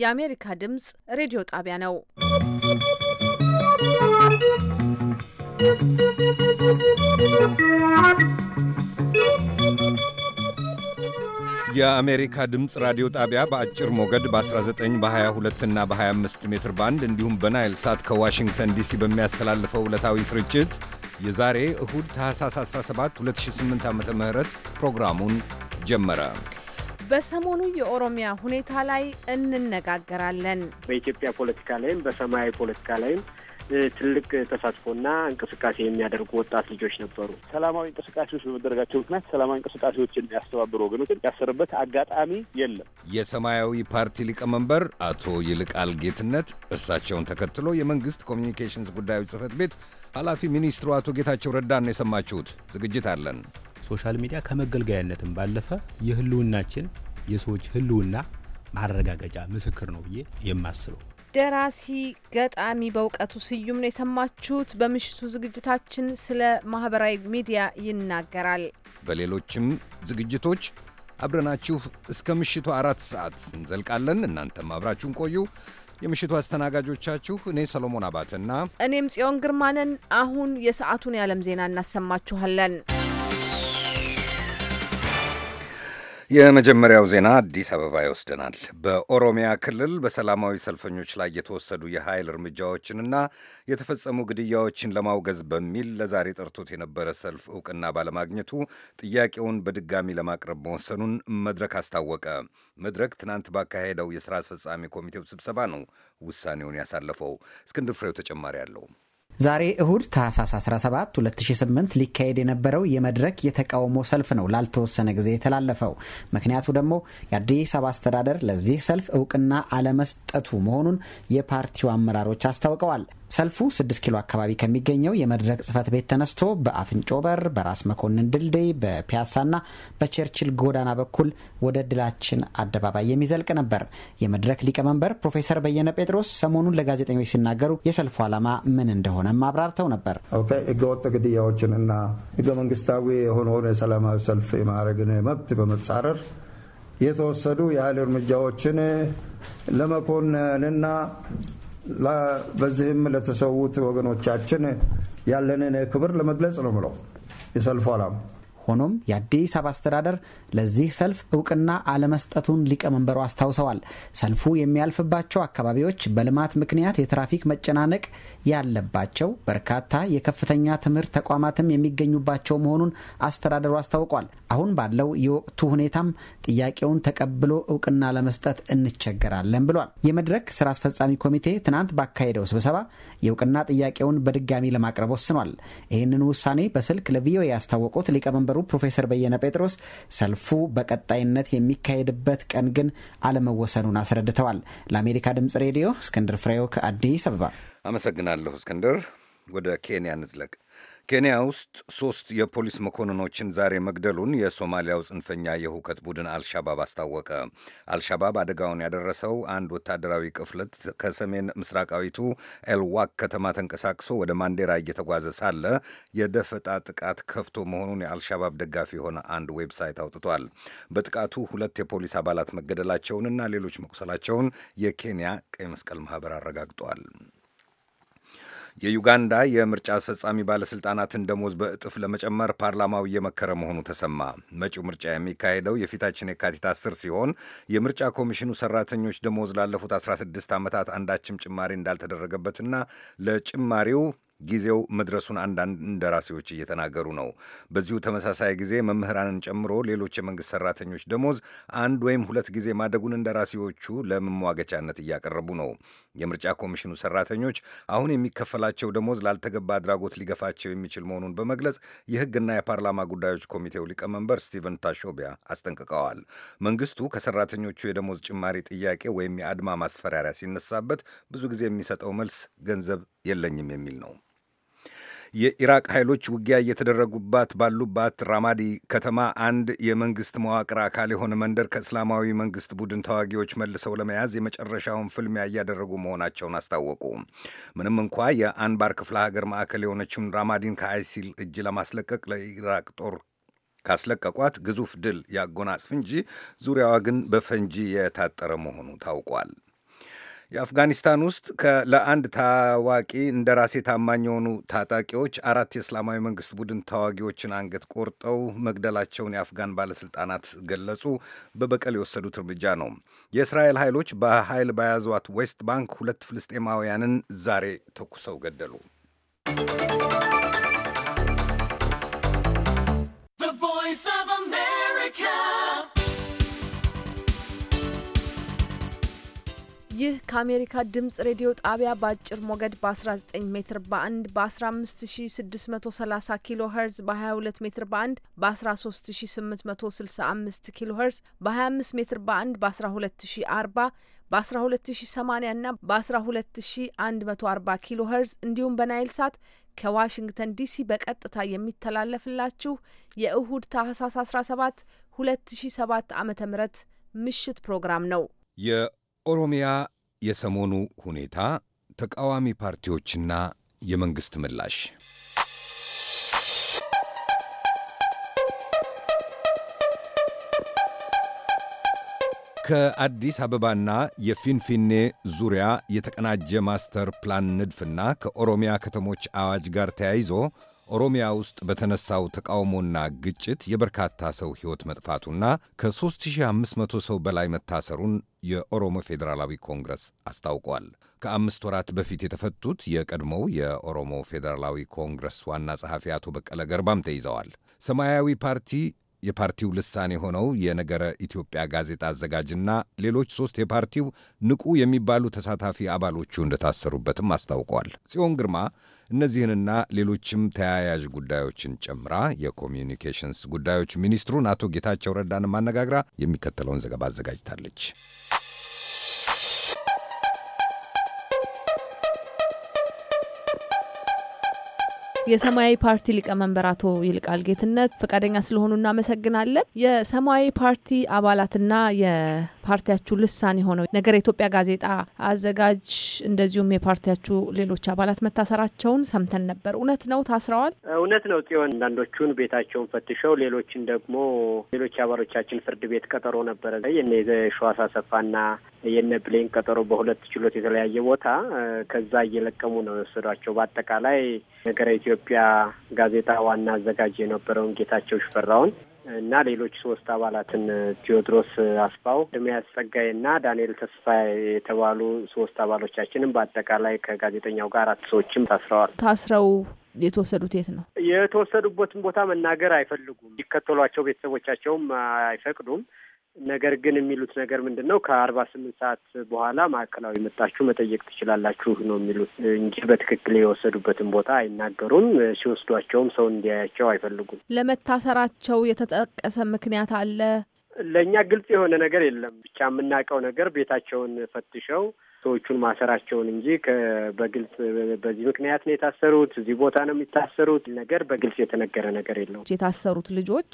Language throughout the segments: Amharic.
የአሜሪካ ድምጽ ሬዲዮ ጣቢያ ነው። የአሜሪካ ድምፅ ራዲዮ ጣቢያ በአጭር ሞገድ በ19 በ22 እና በ25 ሜትር ባንድ እንዲሁም በናይል ሳት ከዋሽንግተን ዲሲ በሚያስተላልፈው ዕለታዊ ስርጭት የዛሬ እሁድ ታህሳስ 17 2008 ዓ ም ፕሮግራሙን ጀመረ። በሰሞኑ የኦሮሚያ ሁኔታ ላይ እንነጋገራለን። በኢትዮጵያ ፖለቲካ ላይም በሰማያዊ ፖለቲካ ላይም ትልቅ ተሳትፎና እንቅስቃሴ የሚያደርጉ ወጣት ልጆች ነበሩ። ሰላማዊ እንቅስቃሴዎች በመደረጋቸው ምክንያት ሰላማዊ እንቅስቃሴዎች የሚያስተባብሩ ወገኖችን ያሰርበት አጋጣሚ የለም። የሰማያዊ ፓርቲ ሊቀመንበር አቶ ይልቃል ጌትነት እሳቸውን ተከትሎ የመንግስት ኮሚኒኬሽንስ ጉዳዮች ጽህፈት ቤት ኃላፊ ሚኒስትሩ አቶ ጌታቸው ረዳን የሰማችሁት። ዝግጅት አለን። ሶሻል ሚዲያ ከመገልገያነትም ባለፈ የህልውናችን የሰዎች ህልውና ማረጋገጫ ምስክር ነው ብዬ የማስበው። ደራሲ ገጣሚ በእውቀቱ ስዩም ነው የሰማችሁት። በምሽቱ ዝግጅታችን ስለ ማህበራዊ ሚዲያ ይናገራል። በሌሎችም ዝግጅቶች አብረናችሁ እስከ ምሽቱ አራት ሰዓት እንዘልቃለን። እናንተም አብራችሁን ቆዩ። የምሽቱ አስተናጋጆቻችሁ እኔ ሰሎሞን አባትና እኔም ጽዮን ግርማነን አሁን የሰዓቱን የዓለም ዜና እናሰማችኋለን። የመጀመሪያው ዜና አዲስ አበባ ይወስደናል። በኦሮሚያ ክልል በሰላማዊ ሰልፈኞች ላይ የተወሰዱ የኃይል እርምጃዎችንና የተፈጸሙ ግድያዎችን ለማውገዝ በሚል ለዛሬ ጠርቶት የነበረ ሰልፍ እውቅና ባለማግኘቱ ጥያቄውን በድጋሚ ለማቅረብ መወሰኑን መድረክ አስታወቀ። መድረክ ትናንት ባካሄደው የሥራ አስፈጻሚ ኮሚቴው ስብሰባ ነው ውሳኔውን ያሳለፈው። እስክንድር ፍሬው ተጨማሪ አለው። ዛሬ እሁድ ታህሳስ 17 2008 ሊካሄድ የነበረው የመድረክ የተቃውሞ ሰልፍ ነው ላልተወሰነ ጊዜ የተላለፈው። ምክንያቱ ደግሞ የአዲስ አበባ አስተዳደር ለዚህ ሰልፍ እውቅና አለመስጠቱ መሆኑን የፓርቲው አመራሮች አስታውቀዋል። ሰልፉ ስድስት ኪሎ አካባቢ ከሚገኘው የመድረክ ጽህፈት ቤት ተነስቶ በአፍንጮ በር፣ በራስ መኮንን ድልድይ፣ በፒያሳና በቸርችል ጎዳና በኩል ወደ ድላችን አደባባይ የሚዘልቅ ነበር። የመድረክ ሊቀመንበር ፕሮፌሰር በየነ ጴጥሮስ ሰሞኑን ለጋዜጠኞች ሲናገሩ የሰልፉ ዓላማ ምን እንደሆነ ማብራርተው ነበር። ህገወጥ ግድያዎችን እና ህገ መንግስታዊ የሆነውን የሰላማዊ ሰልፍ የማድረግን መብት በመጻረር የተወሰዱ የኃይል እርምጃዎችን ለመኮንንና በዚህም ለተሰዉት ወገኖቻችን ያለንን ክብር ለመግለጽ ነው ብለው የሰልፉ አላማ ሆኖም የአዲስ አበባ አስተዳደር ለዚህ ሰልፍ እውቅና አለመስጠቱን ሊቀመንበሩ አስታውሰዋል። ሰልፉ የሚያልፍባቸው አካባቢዎች በልማት ምክንያት የትራፊክ መጨናነቅ ያለባቸው፣ በርካታ የከፍተኛ ትምህርት ተቋማትም የሚገኙባቸው መሆኑን አስተዳደሩ አስታውቋል። አሁን ባለው የወቅቱ ሁኔታም ጥያቄውን ተቀብሎ እውቅና ለመስጠት እንቸገራለን ብሏል። የመድረክ ስራ አስፈጻሚ ኮሚቴ ትናንት ባካሄደው ስብሰባ የእውቅና ጥያቄውን በድጋሚ ለማቅረብ ወስኗል። ይህንን ውሳኔ በስልክ ለቪኦኤ ያስታወቁት ሊቀመንበሩ የተናገሩ ፕሮፌሰር በየነ ጴጥሮስ ሰልፉ በቀጣይነት የሚካሄድበት ቀን ግን አለመወሰኑን አስረድተዋል። ለአሜሪካ ድምጽ ሬዲዮ እስክንድር ፍሬው ከአዲስ አበባ አመሰግናለሁ። እስክንድር፣ ወደ ኬንያ እንዝለቅ። ኬንያ ውስጥ ሦስት የፖሊስ መኮንኖችን ዛሬ መግደሉን የሶማሊያው ጽንፈኛ የሁከት ቡድን አልሻባብ አስታወቀ። አልሻባብ አደጋውን ያደረሰው አንድ ወታደራዊ ቅፍለት ከሰሜን ምስራቃዊቱ ኤልዋክ ከተማ ተንቀሳቅሶ ወደ ማንዴራ እየተጓዘ ሳለ የደፈጣ ጥቃት ከፍቶ መሆኑን የአልሻባብ ደጋፊ የሆነ አንድ ዌብሳይት አውጥቷል። በጥቃቱ ሁለት የፖሊስ አባላት መገደላቸውንና ሌሎች መቁሰላቸውን የኬንያ ቀይ መስቀል ማኅበር አረጋግጧል። የዩጋንዳ የምርጫ አስፈጻሚ ባለሥልጣናትን ደሞዝ በእጥፍ ለመጨመር ፓርላማው እየመከረ መሆኑ ተሰማ። መጪው ምርጫ የሚካሄደው የፊታችን የካቲት አስር ሲሆን የምርጫ ኮሚሽኑ ሠራተኞች ደሞዝ ላለፉት 16 ዓመታት አንዳችም ጭማሪ እንዳልተደረገበትና ለጭማሪው ጊዜው መድረሱን አንዳንድ እንደራሴዎች እየተናገሩ ነው። በዚሁ ተመሳሳይ ጊዜ መምህራንን ጨምሮ ሌሎች የመንግሥት ሠራተኞች ደሞዝ አንድ ወይም ሁለት ጊዜ ማደጉን እንደራሴዎቹ ለመሟገቻነት እያቀረቡ ነው። የምርጫ ኮሚሽኑ ሠራተኞች አሁን የሚከፈላቸው ደሞዝ ላልተገባ አድራጎት ሊገፋቸው የሚችል መሆኑን በመግለጽ የሕግና የፓርላማ ጉዳዮች ኮሚቴው ሊቀመንበር ስቲቨን ታሾቢያ አስጠንቅቀዋል። መንግሥቱ ከሠራተኞቹ የደሞዝ ጭማሪ ጥያቄ ወይም የአድማ ማስፈራሪያ ሲነሳበት ብዙ ጊዜ የሚሰጠው መልስ ገንዘብ የለኝም የሚል ነው። የኢራቅ ኃይሎች ውጊያ እየተደረጉባት ባሉባት ራማዲ ከተማ አንድ የመንግስት መዋቅር አካል የሆነ መንደር ከእስላማዊ መንግስት ቡድን ተዋጊዎች መልሰው ለመያዝ የመጨረሻውን ፍልሚያ እያደረጉ መሆናቸውን አስታወቁ። ምንም እንኳ የአንባር ክፍለ ሀገር ማዕከል የሆነችውን ራማዲን ከአይሲል እጅ ለማስለቀቅ ለኢራቅ ጦር ካስለቀቋት ግዙፍ ድል ያጎናጽፍ እንጂ ዙሪያዋ ግን በፈንጂ የታጠረ መሆኑ ታውቋል። የአፍጋኒስታን ውስጥ ለአንድ ታዋቂ እንደ ራሴ ታማኝ የሆኑ ታጣቂዎች አራት የእስላማዊ መንግስት ቡድን ተዋጊዎችን አንገት ቆርጠው መግደላቸውን የአፍጋን ባለስልጣናት ገለጹ። በበቀል የወሰዱት እርምጃ ነው። የእስራኤል ኃይሎች በኃይል በያዟት ዌስት ባንክ ሁለት ፍልስጤማውያንን ዛሬ ተኩሰው ገደሉ። ይህ ከአሜሪካ ድምጽ ሬዲዮ ጣቢያ በአጭር ሞገድ በ19 ሜትር 1 በ15630 ኪሎ ኸርዝ በ22 ሜትር 1 በ13865 ኪሎ ኸርዝ በ25 ሜትር 1 በ 1240 በ 1280 ና በ12140 ኪሎ ኸርዝ እንዲሁም በናይል ሳት ከዋሽንግተን ዲሲ በቀጥታ የሚተላለፍላችሁ የእሁድ ታህሳስ 17 2007 ዓ.ም ምሽት ፕሮግራም ነው። ኦሮሚያ የሰሞኑ ሁኔታ፣ ተቃዋሚ ፓርቲዎችና የመንግሥት ምላሽ ከአዲስ አበባና የፊንፊኔ ዙሪያ የተቀናጀ ማስተር ፕላን ንድፍና ከኦሮሚያ ከተሞች አዋጅ ጋር ተያይዞ ኦሮሚያ ውስጥ በተነሳው ተቃውሞና ግጭት የበርካታ ሰው ሕይወት መጥፋቱና ከ3500 ሰው በላይ መታሰሩን የኦሮሞ ፌዴራላዊ ኮንግረስ አስታውቋል። ከአምስት ወራት በፊት የተፈቱት የቀድሞው የኦሮሞ ፌዴራላዊ ኮንግረስ ዋና ጸሐፊ አቶ በቀለ ገርባም ተይዘዋል። ሰማያዊ ፓርቲ የፓርቲው ልሳን የሆነው የነገረ ኢትዮጵያ ጋዜጣ አዘጋጅና ሌሎች ሶስት የፓርቲው ንቁ የሚባሉ ተሳታፊ አባሎቹ እንደታሰሩበትም አስታውቋል። ጽዮን ግርማ እነዚህንና ሌሎችም ተያያዥ ጉዳዮችን ጨምራ የኮሚዩኒኬሽንስ ጉዳዮች ሚኒስትሩን አቶ ጌታቸው ረዳንም አነጋግራ የሚከተለውን ዘገባ አዘጋጅታለች። የሰማያዊ ፓርቲ ሊቀመንበር አቶ ይልቃል ጌትነት ፈቃደኛ ስለሆኑ እናመሰግናለን። የሰማያዊ ፓርቲ አባላትና የፓርቲያችሁ ልሳን የሆነው ነገር የኢትዮጵያ ጋዜጣ አዘጋጅ እንደዚሁም የፓርቲያችሁ ሌሎች አባላት መታሰራቸውን ሰምተን ነበር። እውነት ነው? ታስረዋል? እውነት ነው ጽዮን። አንዳንዶቹን ቤታቸውን ፈትሸው፣ ሌሎችን ደግሞ ሌሎች አባሎቻችን ፍርድ ቤት ቀጠሮ ነበረ የነ የሸዋስ አሰፋና የነ ብሌን ቀጠሮ በሁለት ችሎት የተለያየ ቦታ ከዛ እየለቀሙ ነው የወሰዷቸው። በአጠቃላይ ነገረ ኢትዮጵያ ጋዜጣ ዋና አዘጋጅ የነበረውን ጌታቸው ሽፈራውን እና ሌሎች ሶስት አባላትን ቴዎድሮስ አስፋው፣ ድሚያስ ጸጋይ እና ዳንኤል ተስፋ የተባሉ ሶስት አባሎቻችንም በአጠቃላይ ከጋዜጠኛው ጋር አራት ሰዎችም ታስረዋል። ታስረው የተወሰዱት የት ነው? የተወሰዱበትን ቦታ መናገር አይፈልጉም። ሊከተሏቸው ቤተሰቦቻቸውም አይፈቅዱም። ነገር ግን የሚሉት ነገር ምንድን ነው? ከአርባ ስምንት ሰዓት በኋላ ማዕከላዊ መጣችሁ መጠየቅ ትችላላችሁ ነው የሚሉት እንጂ በትክክል የወሰዱበትን ቦታ አይናገሩም። ሲወስዷቸውም ሰው እንዲያያቸው አይፈልጉም። ለመታሰራቸው የተጠቀሰ ምክንያት አለ? ለእኛ ግልጽ የሆነ ነገር የለም። ብቻ የምናውቀው ነገር ቤታቸውን ፈትሸው ሰዎቹን ማሰራቸውን እንጂ በግልጽ በዚህ ምክንያት ነው የታሰሩት፣ እዚህ ቦታ ነው የሚታሰሩት ነገር በግልጽ የተነገረ ነገር የለውም። የታሰሩት ልጆች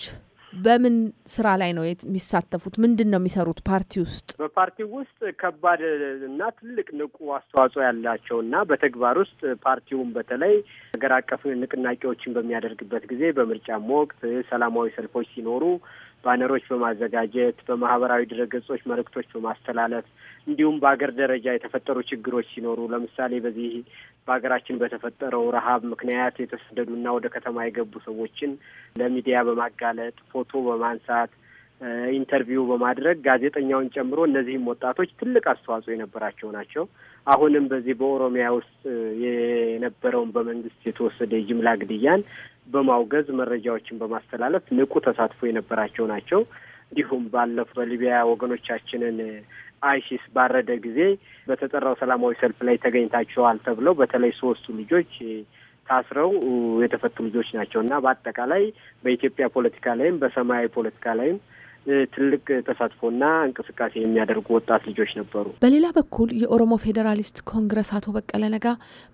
በምን ስራ ላይ ነው የሚሳተፉት? ምንድን ነው የሚሰሩት? ፓርቲ ውስጥ በፓርቲ ውስጥ ከባድ እና ትልቅ ንቁ አስተዋጽኦ ያላቸው እና በተግባር ውስጥ ፓርቲውን በተለይ ሀገር አቀፍ ንቅናቄዎችን በሚያደርግበት ጊዜ በምርጫም ወቅት ሰላማዊ ሰልፎች ሲኖሩ ባነሮች በማዘጋጀት በማህበራዊ ድረገጾች መልእክቶች በማስተላለፍ እንዲሁም በሀገር ደረጃ የተፈጠሩ ችግሮች ሲኖሩ ለምሳሌ በዚህ በሀገራችን በተፈጠረው ረሀብ ምክንያት የተሰደዱና ወደ ከተማ የገቡ ሰዎችን ለሚዲያ በማጋለጥ ፎቶ በማንሳት ኢንተርቪው በማድረግ ጋዜጠኛውን ጨምሮ እነዚህም ወጣቶች ትልቅ አስተዋጽኦ የነበራቸው ናቸው። አሁንም በዚህ በኦሮሚያ ውስጥ የነበረውን በመንግስት የተወሰደ የጅምላ ግድያን በማውገዝ መረጃዎችን በማስተላለፍ ንቁ ተሳትፎ የነበራቸው ናቸው። እንዲሁም ባለፈው በሊቢያ ወገኖቻችንን አይሲስ ባረደ ጊዜ በተጠራው ሰላማዊ ሰልፍ ላይ ተገኝታችኋል ተብለው በተለይ ሶስቱ ልጆች ታስረው የተፈቱ ልጆች ናቸው እና በአጠቃላይ በኢትዮጵያ ፖለቲካ ላይም በሰማያዊ ፖለቲካ ላይም ትልቅ ተሳትፎና እንቅስቃሴ የሚያደርጉ ወጣት ልጆች ነበሩ። በሌላ በኩል የኦሮሞ ፌዴራሊስት ኮንግረስ አቶ በቀለ ነጋ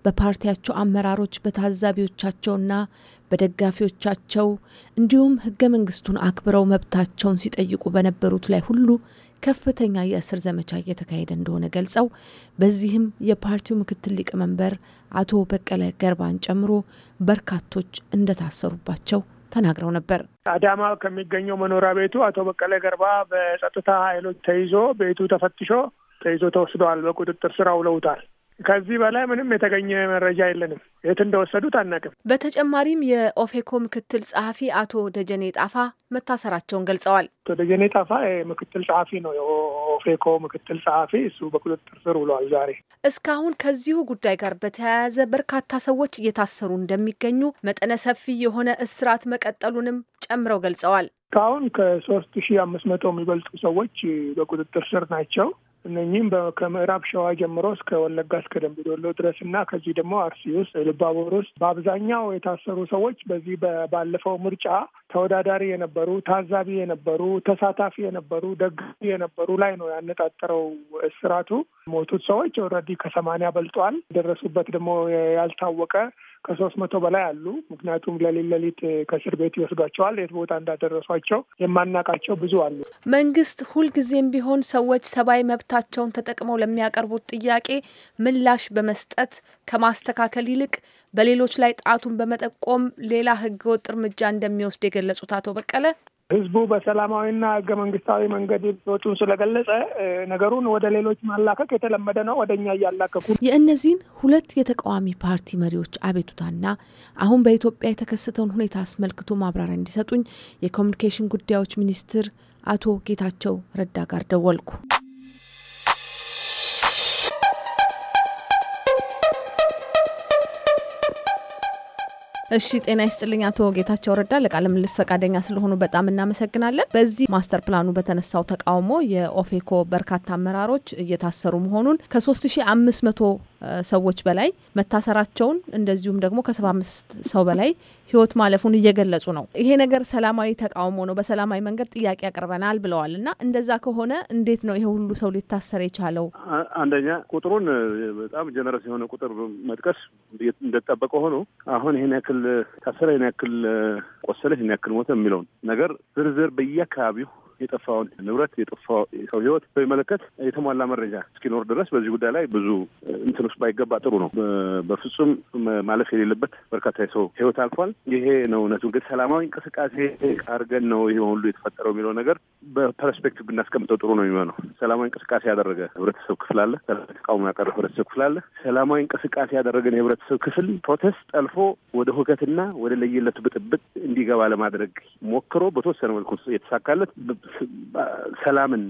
በፓርቲያቸው አመራሮች፣ በታዛቢዎቻቸውና በደጋፊዎቻቸው እንዲሁም ህገ መንግስቱን አክብረው መብታቸውን ሲጠይቁ በነበሩት ላይ ሁሉ ከፍተኛ የእስር ዘመቻ እየተካሄደ እንደሆነ ገልጸው በዚህም የፓርቲው ምክትል ሊቀመንበር አቶ በቀለ ገርባን ጨምሮ በርካቶች እንደታሰሩባቸው ተናግረው ነበር። አዳማ ከሚገኘው መኖሪያ ቤቱ አቶ በቀለ ገርባ በጸጥታ ኃይሎች ተይዞ ቤቱ ተፈትሾ ተይዞ ተወስደዋል። በቁጥጥር ስር አውለውታል። ከዚህ በላይ ምንም የተገኘ መረጃ የለንም። የት እንደወሰዱት አናቅም። በተጨማሪም የኦፌኮ ምክትል ጸሐፊ አቶ ደጀኔ ጣፋ መታሰራቸውን ገልጸዋል። አቶ ደጀኔ ጣፋ ምክትል ጸሐፊ ነው፣ የኦፌኮ ምክትል ጸሐፊ። እሱ በቁጥጥር ስር ውሏል። ዛሬ እስካሁን ከዚሁ ጉዳይ ጋር በተያያዘ በርካታ ሰዎች እየታሰሩ እንደሚገኙ መጠነ ሰፊ የሆነ እስራት መቀጠሉንም ጨምረው ገልጸዋል። እስካሁን ከሶስት ሺህ አምስት መቶ የሚበልጡ ሰዎች በቁጥጥር ስር ናቸው። እነኚህም ከምዕራብ ሸዋ ጀምሮ እስከ ወለጋ እስከ ደምቢ ዶሎ ድረስ እና ከዚህ ደግሞ አርሲ ውስጥ ልባቦር ውስጥ በአብዛኛው የታሰሩ ሰዎች በዚህ ባለፈው ምርጫ ተወዳዳሪ የነበሩ፣ ታዛቢ የነበሩ፣ ተሳታፊ የነበሩ፣ ደጋፊ የነበሩ ላይ ነው ያነጣጠረው እስራቱ። ሞቱት ሰዎች ኦልሬዲ ከሰማንያ በልጧል። የደረሱበት ደግሞ ያልታወቀ ከሶስት መቶ በላይ አሉ። ምክንያቱም ለሌት ለሊት ከእስር ቤት ይወስዷቸዋል። የት ቦታ እንዳደረሷቸው የማናቃቸው ብዙ አሉ። መንግስት ሁልጊዜም ቢሆን ሰዎች ሰብአዊ መብታቸውን ተጠቅመው ለሚያቀርቡት ጥያቄ ምላሽ በመስጠት ከማስተካከል ይልቅ በሌሎች ላይ ጣቱን በመጠቆም ሌላ ህገወጥ እርምጃ እንደሚወስድ የገለጹት አቶ በቀለ ህዝቡ በሰላማዊና ህገ መንግስታዊ መንገድ ጩን ስለገለጸ ነገሩን ወደ ሌሎች ማላከክ የተለመደ ነው። ወደ እኛ እያላከኩ የእነዚህን ሁለት የተቃዋሚ ፓርቲ መሪዎች አቤቱታና አሁን በኢትዮጵያ የተከሰተውን ሁኔታ አስመልክቶ ማብራሪያ እንዲሰጡኝ የኮሚኒኬሽን ጉዳዮች ሚኒስትር አቶ ጌታቸው ረዳ ጋር ደወልኩ። እሺ፣ ጤና ይስጥልኝ አቶ ጌታቸው ረዳ ለቃለ ምልልስ ፈቃደኛ ስለሆኑ በጣም እናመሰግናለን። በዚህ ማስተር ፕላኑ በተነሳው ተቃውሞ የኦፌኮ በርካታ አመራሮች እየታሰሩ መሆኑን ከ3500 ሰዎች በላይ መታሰራቸውን እንደዚሁም ደግሞ ከሰባ አምስት ሰው በላይ ህይወት ማለፉን እየገለጹ ነው። ይሄ ነገር ሰላማዊ ተቃውሞ ነው፣ በሰላማዊ መንገድ ጥያቄ ያቀርበናል ብለዋል። እና እንደዛ ከሆነ እንዴት ነው ይሄ ሁሉ ሰው ሊታሰር የቻለው? አንደኛ ቁጥሩን በጣም ጀነረስ የሆነ ቁጥር መጥቀስ እንደጠበቀ ሆኖ አሁን ይህን ያክል ታሰረ፣ ይህን ያክል ቆሰለ፣ ይህን ያክል ሞተ የሚለውን ነገር ዝርዝር በየአካባቢው የጠፋውን ንብረት የጠፋው ሰው ህይወት በሚመለከት የተሟላ መረጃ እስኪኖር ድረስ በዚህ ጉዳይ ላይ ብዙ እንትን ውስጥ ባይገባ ጥሩ ነው። በፍጹም ማለፍ የሌለበት በርካታ የሰው ህይወት አልፏል። ይሄ ነው እውነቱ። እንግዲህ ሰላማዊ እንቅስቃሴ አድርገን ነው ይሄ ሁሉ የተፈጠረው የሚለው ነገር በፐርስፔክቲቭ ብናስቀምጠው ጥሩ ነው የሚሆነው። ሰላማዊ እንቅስቃሴ ያደረገ ህብረተሰብ ክፍል አለ። ሰላማዊ ተቃውሞ ያቀረበ ህብረተሰብ ክፍል አለ። ሰላማዊ እንቅስቃሴ ያደረገን የህብረተሰብ ክፍል ፕሮቴስት ጠልፎ ወደ ሁከትና ወደ ለየለት ብጥብጥ እንዲገባ ለማድረግ ሞክሮ በተወሰነ መልኩ የተሳካለት ሰላምን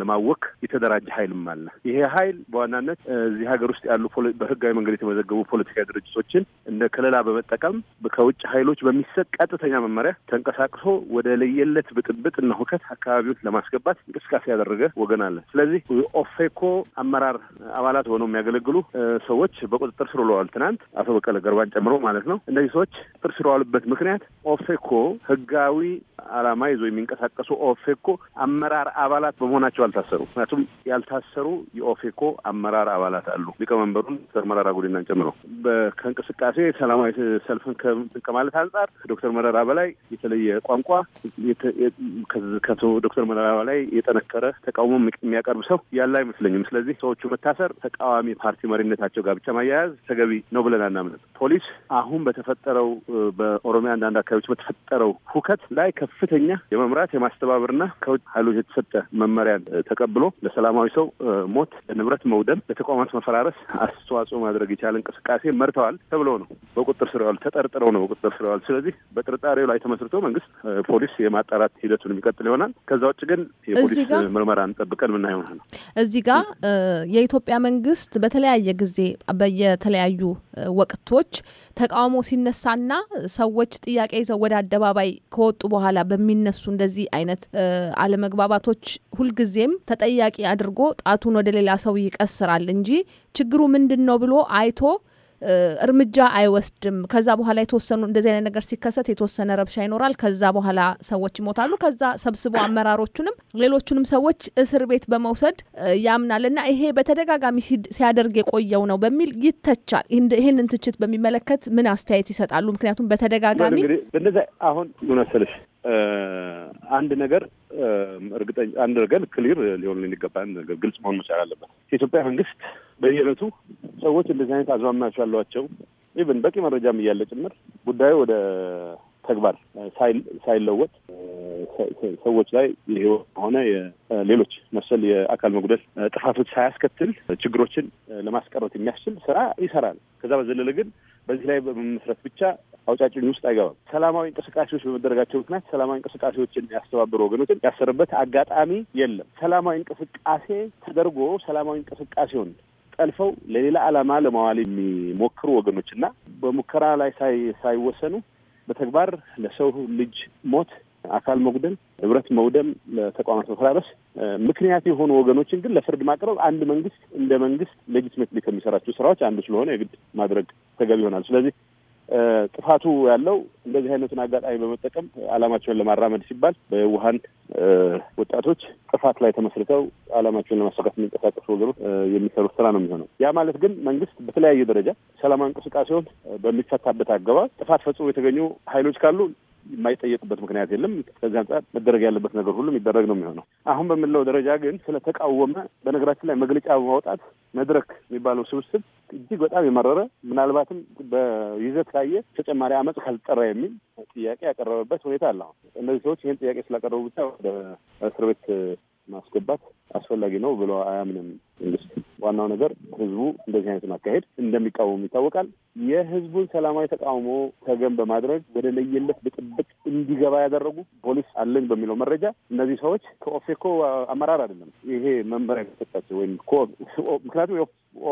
ለማወክ የተደራጀ ሀይልም አለ። ይሄ ሀይል በዋናነት እዚህ ሀገር ውስጥ ያሉ በህጋዊ መንገድ የተመዘገቡ ፖለቲካዊ ድርጅቶችን እንደ ከለላ በመጠቀም ከውጭ ሀይሎች በሚሰጥ ቀጥተኛ መመሪያ ተንቀሳቅሶ ወደ ለየለት ብጥብጥ እና ሁከት አካባቢውን ለማስገባት እንቅስቃሴ ያደረገ ወገን አለ። ስለዚህ ኦፌኮ አመራር አባላት ሆነው የሚያገለግሉ ሰዎች በቁጥጥር ስር ውለዋል። ትናንት አቶ በቀለ ገርባን ጨምሮ ማለት ነው። እነዚህ ሰዎች ቁጥጥር ስር የዋሉበት ምክንያት ኦፌኮ ህጋዊ አላማ ይዞ የሚንቀሳቀሱ የተጠቀሱ ኦፌኮ አመራር አባላት በመሆናቸው አልታሰሩ። ምክንያቱም ያልታሰሩ የኦፌኮ አመራር አባላት አሉ፣ ሊቀመንበሩን ዶክተር መረራ ጉዲናን ጨምሮ ከእንቅስቃሴ ሰላማዊ ሰልፍን ከማለት አንጻር ዶክተር መረራ በላይ የተለየ ቋንቋ ከቶ ዶክተር መረራ በላይ የጠነከረ ተቃውሞ የሚያቀርብ ሰው ያለ አይመስለኝም። ስለዚህ ሰዎቹ መታሰር ተቃዋሚ ፓርቲ መሪነታቸው ጋር ብቻ ማያያዝ ተገቢ ነው ብለን አናምንም። ፖሊስ አሁን በተፈጠረው በኦሮሚያ አንዳንድ አካባቢዎች በተፈጠረው ሁከት ላይ ከፍተኛ የመምራት የማስተባበርና ከውጭ ኃይሎች የተሰጠ መመሪያን ተቀብሎ ለሰላማዊ ሰው ሞት፣ ለንብረት መውደም፣ ለተቋማት መፈራረስ አስተዋጽኦ ማድረግ የቻለ እንቅስቃሴ መርተዋል ተብሎ ነው በቁጥጥር ስር ዋል ተጠርጥረው ነው በቁጥጥር ስር ዋል። ስለዚህ በጥርጣሬው ላይ ተመስርቶ መንግስት ፖሊስ የማጣራት ሂደቱን የሚቀጥል ይሆናል። ከዛ ውጭ ግን የፖሊስ ምርመራ እንጠብቀን ምናየው ነው። እዚህ ጋር የኢትዮጵያ መንግስት በተለያየ ጊዜ በየተለያዩ ወቅቶች ተቃውሞ ሲነሳና ሰዎች ጥያቄ ይዘው ወደ አደባባይ ከወጡ በኋላ በሚነሱ እንደዚህ አይነት አለመግባባቶች ሁልጊዜም ተጠያቂ አድርጎ ጣቱን ወደ ሌላ ሰው ይቀስራል እንጂ ችግሩ ምንድን ነው ብሎ አይቶ እርምጃ አይወስድም። ከዛ በኋላ የተወሰኑ እንደዚህ አይነት ነገር ሲከሰት የተወሰነ ረብሻ ይኖራል። ከዛ በኋላ ሰዎች ይሞታሉ። ከዛ ሰብስቦ አመራሮቹንም ሌሎቹንም ሰዎች እስር ቤት በመውሰድ ያምናል እና ይሄ በተደጋጋሚ ሲያደርግ የቆየው ነው በሚል ይተቻል። ይህንን ትችት በሚመለከት ምን አስተያየት ይሰጣሉ? ምክንያቱም በተደጋጋሚ አሁን አንድ ነገር እርግጠኛ አንድ ነገር ክሊር ሊሆን ሊገባ ነገር ግልጽ መሆን መቻል አለበት። የኢትዮጵያ መንግስት በየዕለቱ ሰዎች እንደዚህ አይነት አዝማሚያዎች ያሏቸው ኢቨን በቂ መረጃም እያለ ጭምር ጉዳዩ ወደ ተግባር ሳይለወጥ ሰዎች ላይ የህይወት ሆነ ሌሎች መሰል የአካል መጉደል ጥፋቶች ሳያስከትል ችግሮችን ለማስቀረት የሚያስችል ስራ ይሰራል። ከዛ በዘለለ ግን በዚህ ላይ በመመስረት ብቻ አውጫጭኝ ውስጥ አይገባም። ሰላማዊ እንቅስቃሴዎች በመደረጋቸው ምክንያት ሰላማዊ እንቅስቃሴዎችን ያስተባበሩ ወገኖችን ያሰርበት አጋጣሚ የለም። ሰላማዊ እንቅስቃሴ ተደርጎ ሰላማዊ እንቅስቃሴውን ጠልፈው ለሌላ ዓላማ ለማዋል የሚሞክሩ ወገኖችና በሙከራ ላይ ሳይወሰኑ በተግባር ለሰው ልጅ ሞት፣ አካል መጉደል፣ ንብረት መውደም፣ ለተቋማት መፈራረስ ምክንያት የሆኑ ወገኖችን ግን ለፍርድ ማቅረብ አንድ መንግስት እንደ መንግስት ሌጂትሜትሊ ከሚሰራቸው ስራዎች አንዱ ስለሆነ የግድ ማድረግ ተገቢ ይሆናል። ስለዚህ ጥፋቱ ያለው እንደዚህ አይነቱን አጋጣሚ በመጠቀም አላማቸውን ለማራመድ ሲባል በውሀን ወጣቶች ጥፋት ላይ ተመስርተው አላማቸውን ለማሳካት የሚንቀሳቀሱ ወገኖች የሚሰሩት ስራ ነው የሚሆነው። ያ ማለት ግን መንግስት በተለያየ ደረጃ ሰላማዊ እንቅስቃሴውን በሚፈታበት አገባብ ጥፋት ፈጽሞ የተገኙ ኃይሎች ካሉ የማይጠየቁበት ምክንያት የለም። ከዚህ አንጻር መደረግ ያለበት ነገር ሁሉ የሚደረግ ነው የሚሆነው። አሁን በምንለው ደረጃ ግን ስለተቃወመ በነገራችን ላይ መግለጫ በማውጣት መድረክ የሚባለው ስብስብ እጅግ በጣም የመረረ ምናልባትም በይዘት ካየ ተጨማሪ አመፅ ካልጠራ የሚል ጥያቄ ያቀረበበት ሁኔታ አለ። አሁን እነዚህ ሰዎች ይህን ጥያቄ ስላቀረቡ ብቻ ወደ እስር ቤት ማስገባት አስፈላጊ ነው ብሎ አያምንም መንግስት። ዋናው ነገር ህዝቡ እንደዚህ አይነት ማካሄድ እንደሚቃወም ይታወቃል። የህዝቡን ሰላማዊ ተቃውሞ ተገን በማድረግ ወደ ለየለት ብጥብጥ እንዲገባ ያደረጉ ፖሊስ አለኝ በሚለው መረጃ እነዚህ ሰዎች ከኦፌኮ አመራር አይደለም ይሄ መመሪያ የተሰጣቸው ወይም ምክንያቱም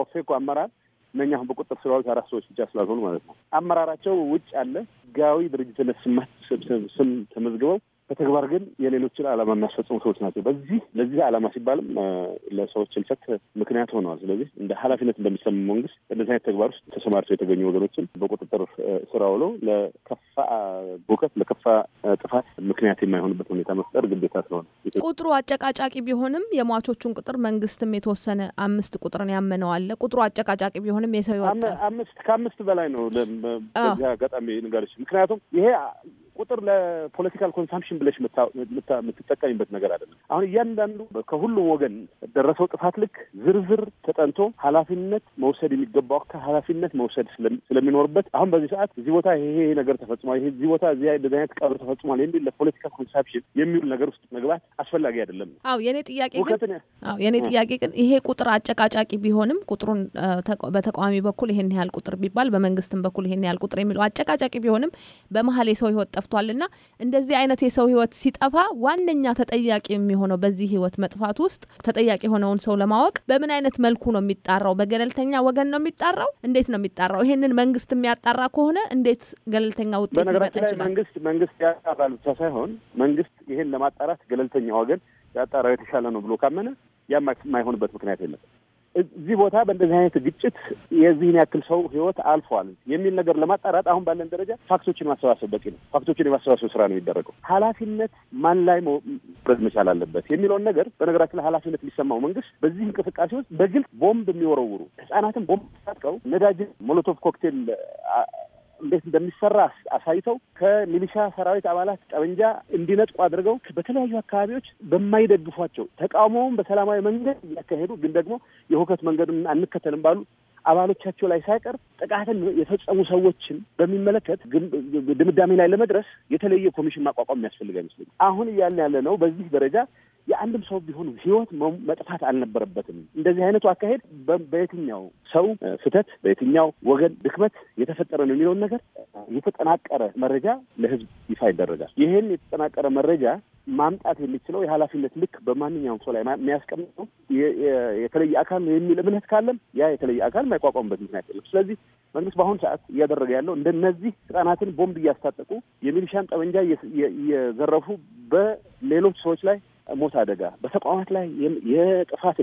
ኦፌኮ አመራር እነኛ አሁን በቁጥር ስለዋሉት አራት ሰዎች ብቻ ስላልሆኑ ማለት ነው። አመራራቸው ውጭ አለ ህጋዊ ድርጅትነት ስም ተመዝግበው በተግባር ግን የሌሎችን ዓላማ የሚያስፈጽሙ ሰዎች ናቸው። በዚህ ለዚህ ዓላማ ሲባልም ለሰዎች እልፈት ምክንያት ሆነዋል። ስለዚህ እንደ ኃላፊነት እንደሚሰማ መንግስት እንደዚህ አይነት ተግባር ውስጥ ተሰማርተው የተገኙ ወገኖችን በቁጥጥር ስራ ውሎ ለከፋ ቦከት ለከፋ ጥፋት ምክንያት የማይሆንበት ሁኔታ መፍጠር ግዴታ ስለሆነ ቁጥሩ አጨቃጫቂ ቢሆንም የሟቾቹን ቁጥር መንግስትም የተወሰነ አምስት ቁጥርን ያመነዋል። ቁጥሩ አጨቃጫቂ ቢሆንም የሰው አምስት ከአምስት በላይ ነው። በዚህ አጋጣሚ ንጋሪች ምክንያቱም ይሄ ቁጥር ለፖለቲካል ኮንሳምፕሽን ብለሽ የምትጠቀሚበት ነገር አይደለም። አሁን እያንዳንዱ ከሁሉም ወገን ደረሰው ጥፋት ልክ ዝርዝር ተጠንቶ ኃላፊነት መውሰድ የሚገባው ከኃላፊነት መውሰድ ስለሚኖርበት አሁን በዚህ ሰዓት እዚህ ቦታ ይሄ ነገር ተፈጽሟል፣ ይሄ እዚህ ቦታ እዚህ አይነት ቀብር ተፈጽሟል የሚል ለፖለቲካል ኮንሳምፕሽን የሚውል ነገር ውስጥ መግባት አስፈላጊ አይደለም። አዎ የኔ ጥያቄ ግን አዎ የኔ ጥያቄ ግን ይሄ ቁጥር አጨቃጫቂ ቢሆንም ቁጥሩን በተቃዋሚ በኩል ይሄን ያህል ቁጥር ቢባል በመንግስትም በኩል ይሄን ያህል ቁጥር የሚለው አጨቃጫቂ ቢሆንም በመሀል የሰው ህይወት ጠፍቷልና እንደዚህ አይነት የሰው ህይወት ሲጠፋ ዋነኛ ተጠያቂ የሚሆነው በዚህ ህይወት መጥፋት ውስጥ ተጠያቂ የሆነውን ሰው ለማወቅ በምን አይነት መልኩ ነው የሚጣራው? በገለልተኛ ወገን ነው የሚጣራው? እንዴት ነው የሚጣራው? ይሄንን መንግስት የሚያጣራ ከሆነ እንዴት ገለልተኛ ውጤት ሊመጣ ይችላል? መንግስት መንግስት ያጣራል ብቻ ሳይሆን መንግስት ይሄን ለማጣራት ገለልተኛ ወገን ያጣራው የተሻለ ነው ብሎ ካመነ ያ የማይሆንበት ምክንያት የለም። እዚህ ቦታ በእንደዚህ አይነት ግጭት የዚህን ያክል ሰው ህይወት አልፏል የሚል ነገር ለማጣራት አሁን ባለን ደረጃ ፋክቶችን ማሰባሰብ በቂ ነው። ፋክቶችን የማሰባሰብ ስራ ነው የሚደረገው። ኃላፊነት ማን ላይ መውረድ መቻል አለበት የሚለውን ነገር በነገራችን ላይ ኃላፊነት የሚሰማው መንግስት በዚህ እንቅስቃሴ ውስጥ በግልጽ ቦምብ የሚወረውሩ ህጻናትን ቦምብ ታጥቀው ነዳጅን ሞሎቶቭ ኮክቴል እንዴት እንደሚሰራ አሳይተው ከሚሊሻ ሰራዊት አባላት ጠመንጃ እንዲነጥቁ አድርገው በተለያዩ አካባቢዎች በማይደግፏቸው ተቃውሞውን በሰላማዊ መንገድ እያካሄዱ ግን ደግሞ የሁከት መንገዱን አንከተልም ባሉ አባሎቻቸው ላይ ሳይቀር ጥቃትን የፈጸሙ ሰዎችን በሚመለከት ድምዳሜ ላይ ለመድረስ የተለየ ኮሚሽን ማቋቋም የሚያስፈልግ አይመስለኝ። አሁን እያልን ያለ ነው። በዚህ ደረጃ የአንድም ሰው ቢሆን ህይወት መጥፋት አልነበረበትም። እንደዚህ አይነቱ አካሄድ በየትኛው ሰው ስህተት፣ በየትኛው ወገን ድክመት የተፈጠረ ነው የሚለውን ነገር የተጠናቀረ መረጃ ለህዝብ ይፋ ይደረጋል። ይህን የተጠናቀረ መረጃ ማምጣት የሚችለው የኃላፊነት ልክ በማንኛውም ሰው ላይ የሚያስቀምጠው የተለየ አካል ነው የሚል እምነት ካለም ያ የተለየ አካል የማይቋቋምበት ምክንያት የለም። ስለዚህ መንግስት በአሁኑ ሰዓት እያደረገ ያለው እንደነዚህ ህጻናትን ቦምብ እያስታጠቁ የሚሊሻን ጠመንጃ እየዘረፉ በሌሎች ሰዎች ላይ ሞት አደጋ በተቋማት ላይ የጥፋት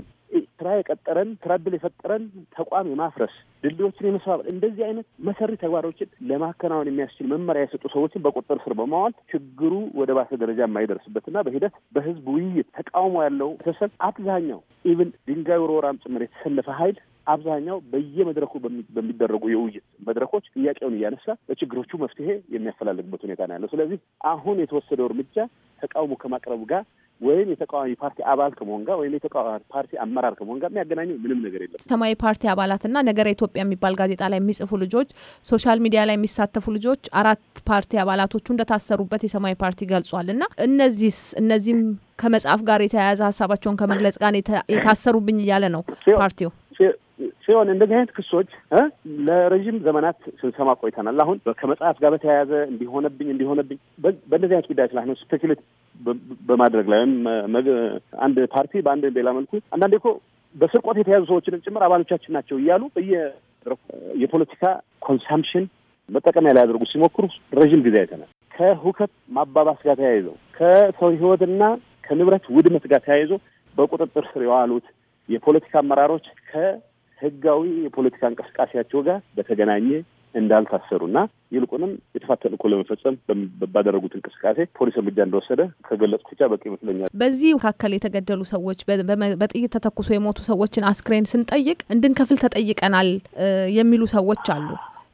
ስራ የቀጠረን ስራ እድል የፈጠረን ተቋም የማፍረስ ድልድዮችን የመስባበር እንደዚህ አይነት መሰሪ ተግባሮችን ለማከናወን የሚያስችል መመሪያ የሰጡ ሰዎችን በቁጥር ስር በማዋል ችግሩ ወደ ባሰ ደረጃ የማይደርስበትና በሂደት በህዝብ ውይይት ተቃውሞ ያለው ተሰብ አብዛኛው ኢቭን ድንጋይ ወርወራም ጭምር የተሰለፈ ሀይል አብዛኛው በየመድረኩ በሚደረጉ የውይይት መድረኮች ጥያቄውን እያነሳ ለችግሮቹ መፍትሄ የሚያፈላልግበት ሁኔታ ነው ያለው። ስለዚህ አሁን የተወሰደው እርምጃ ተቃውሞ ከማቅረቡ ጋር ወይም የተቃዋሚ ፓርቲ አባል ከመሆን ጋር ወይም የተቃዋሚ ፓርቲ አመራር ከመሆን ጋር ምንም ነገር የለም። ሰማያዊ ፓርቲ አባላትና ነገረ ኢትዮጵያ የሚባል ጋዜጣ ላይ የሚጽፉ ልጆች፣ ሶሻል ሚዲያ ላይ የሚሳተፉ ልጆች አራት ፓርቲ አባላቶቹ እንደታሰሩበት የሰማያዊ ፓርቲ ገልጿል። እና እነዚህስ እነዚህም ከመጽሐፍ ጋር የተያያዘ ሀሳባቸውን ከመግለጽ ጋር የታሰሩብኝ እያለ ነው ፓርቲው ሲሆን እንደዚህ አይነት ክሶች ለረዥም ዘመናት ስንሰማ ቆይተናል። አሁን ከመጽሐፍ ጋር በተያያዘ እንዲሆነብኝ እንዲሆነብኝ በእንደዚህ አይነት ጉዳዮች ላይ ነው ስፔኪሌት በማድረግ ላይ ወይም አንድ ፓርቲ በአንድ ሌላ መልኩ አንዳንዴ እኮ በስርቆት የተያዙ ሰዎችንም ጭምር አባሎቻችን ናቸው እያሉ በየ የፖለቲካ ኮንሳምፕሽን መጠቀሚያ ያደርጉ ሲሞክሩ ረዥም ጊዜ አይተናል። ከሁከት ማባባስ ጋር ተያይዘው ከሰው ህይወትና ከንብረት ውድመት ጋር ተያይዞ በቁጥጥር ስር የዋሉት የፖለቲካ አመራሮች ከ ህጋዊ የፖለቲካ እንቅስቃሴያቸው ጋር በተገናኘ እንዳልታሰሩና ይልቁንም የተፋተ ተልዕኮ ለመፈጸም ባደረጉት እንቅስቃሴ ፖሊስ እርምጃ እንደወሰደ ከገለጽኩ ብቻ በቂ ይመስለኛል። በዚህ መካከል የተገደሉ ሰዎች፣ በጥይት ተተኩሶ የሞቱ ሰዎችን አስክሬን ስንጠይቅ እንድንከፍል ተጠይቀናል የሚሉ ሰዎች አሉ።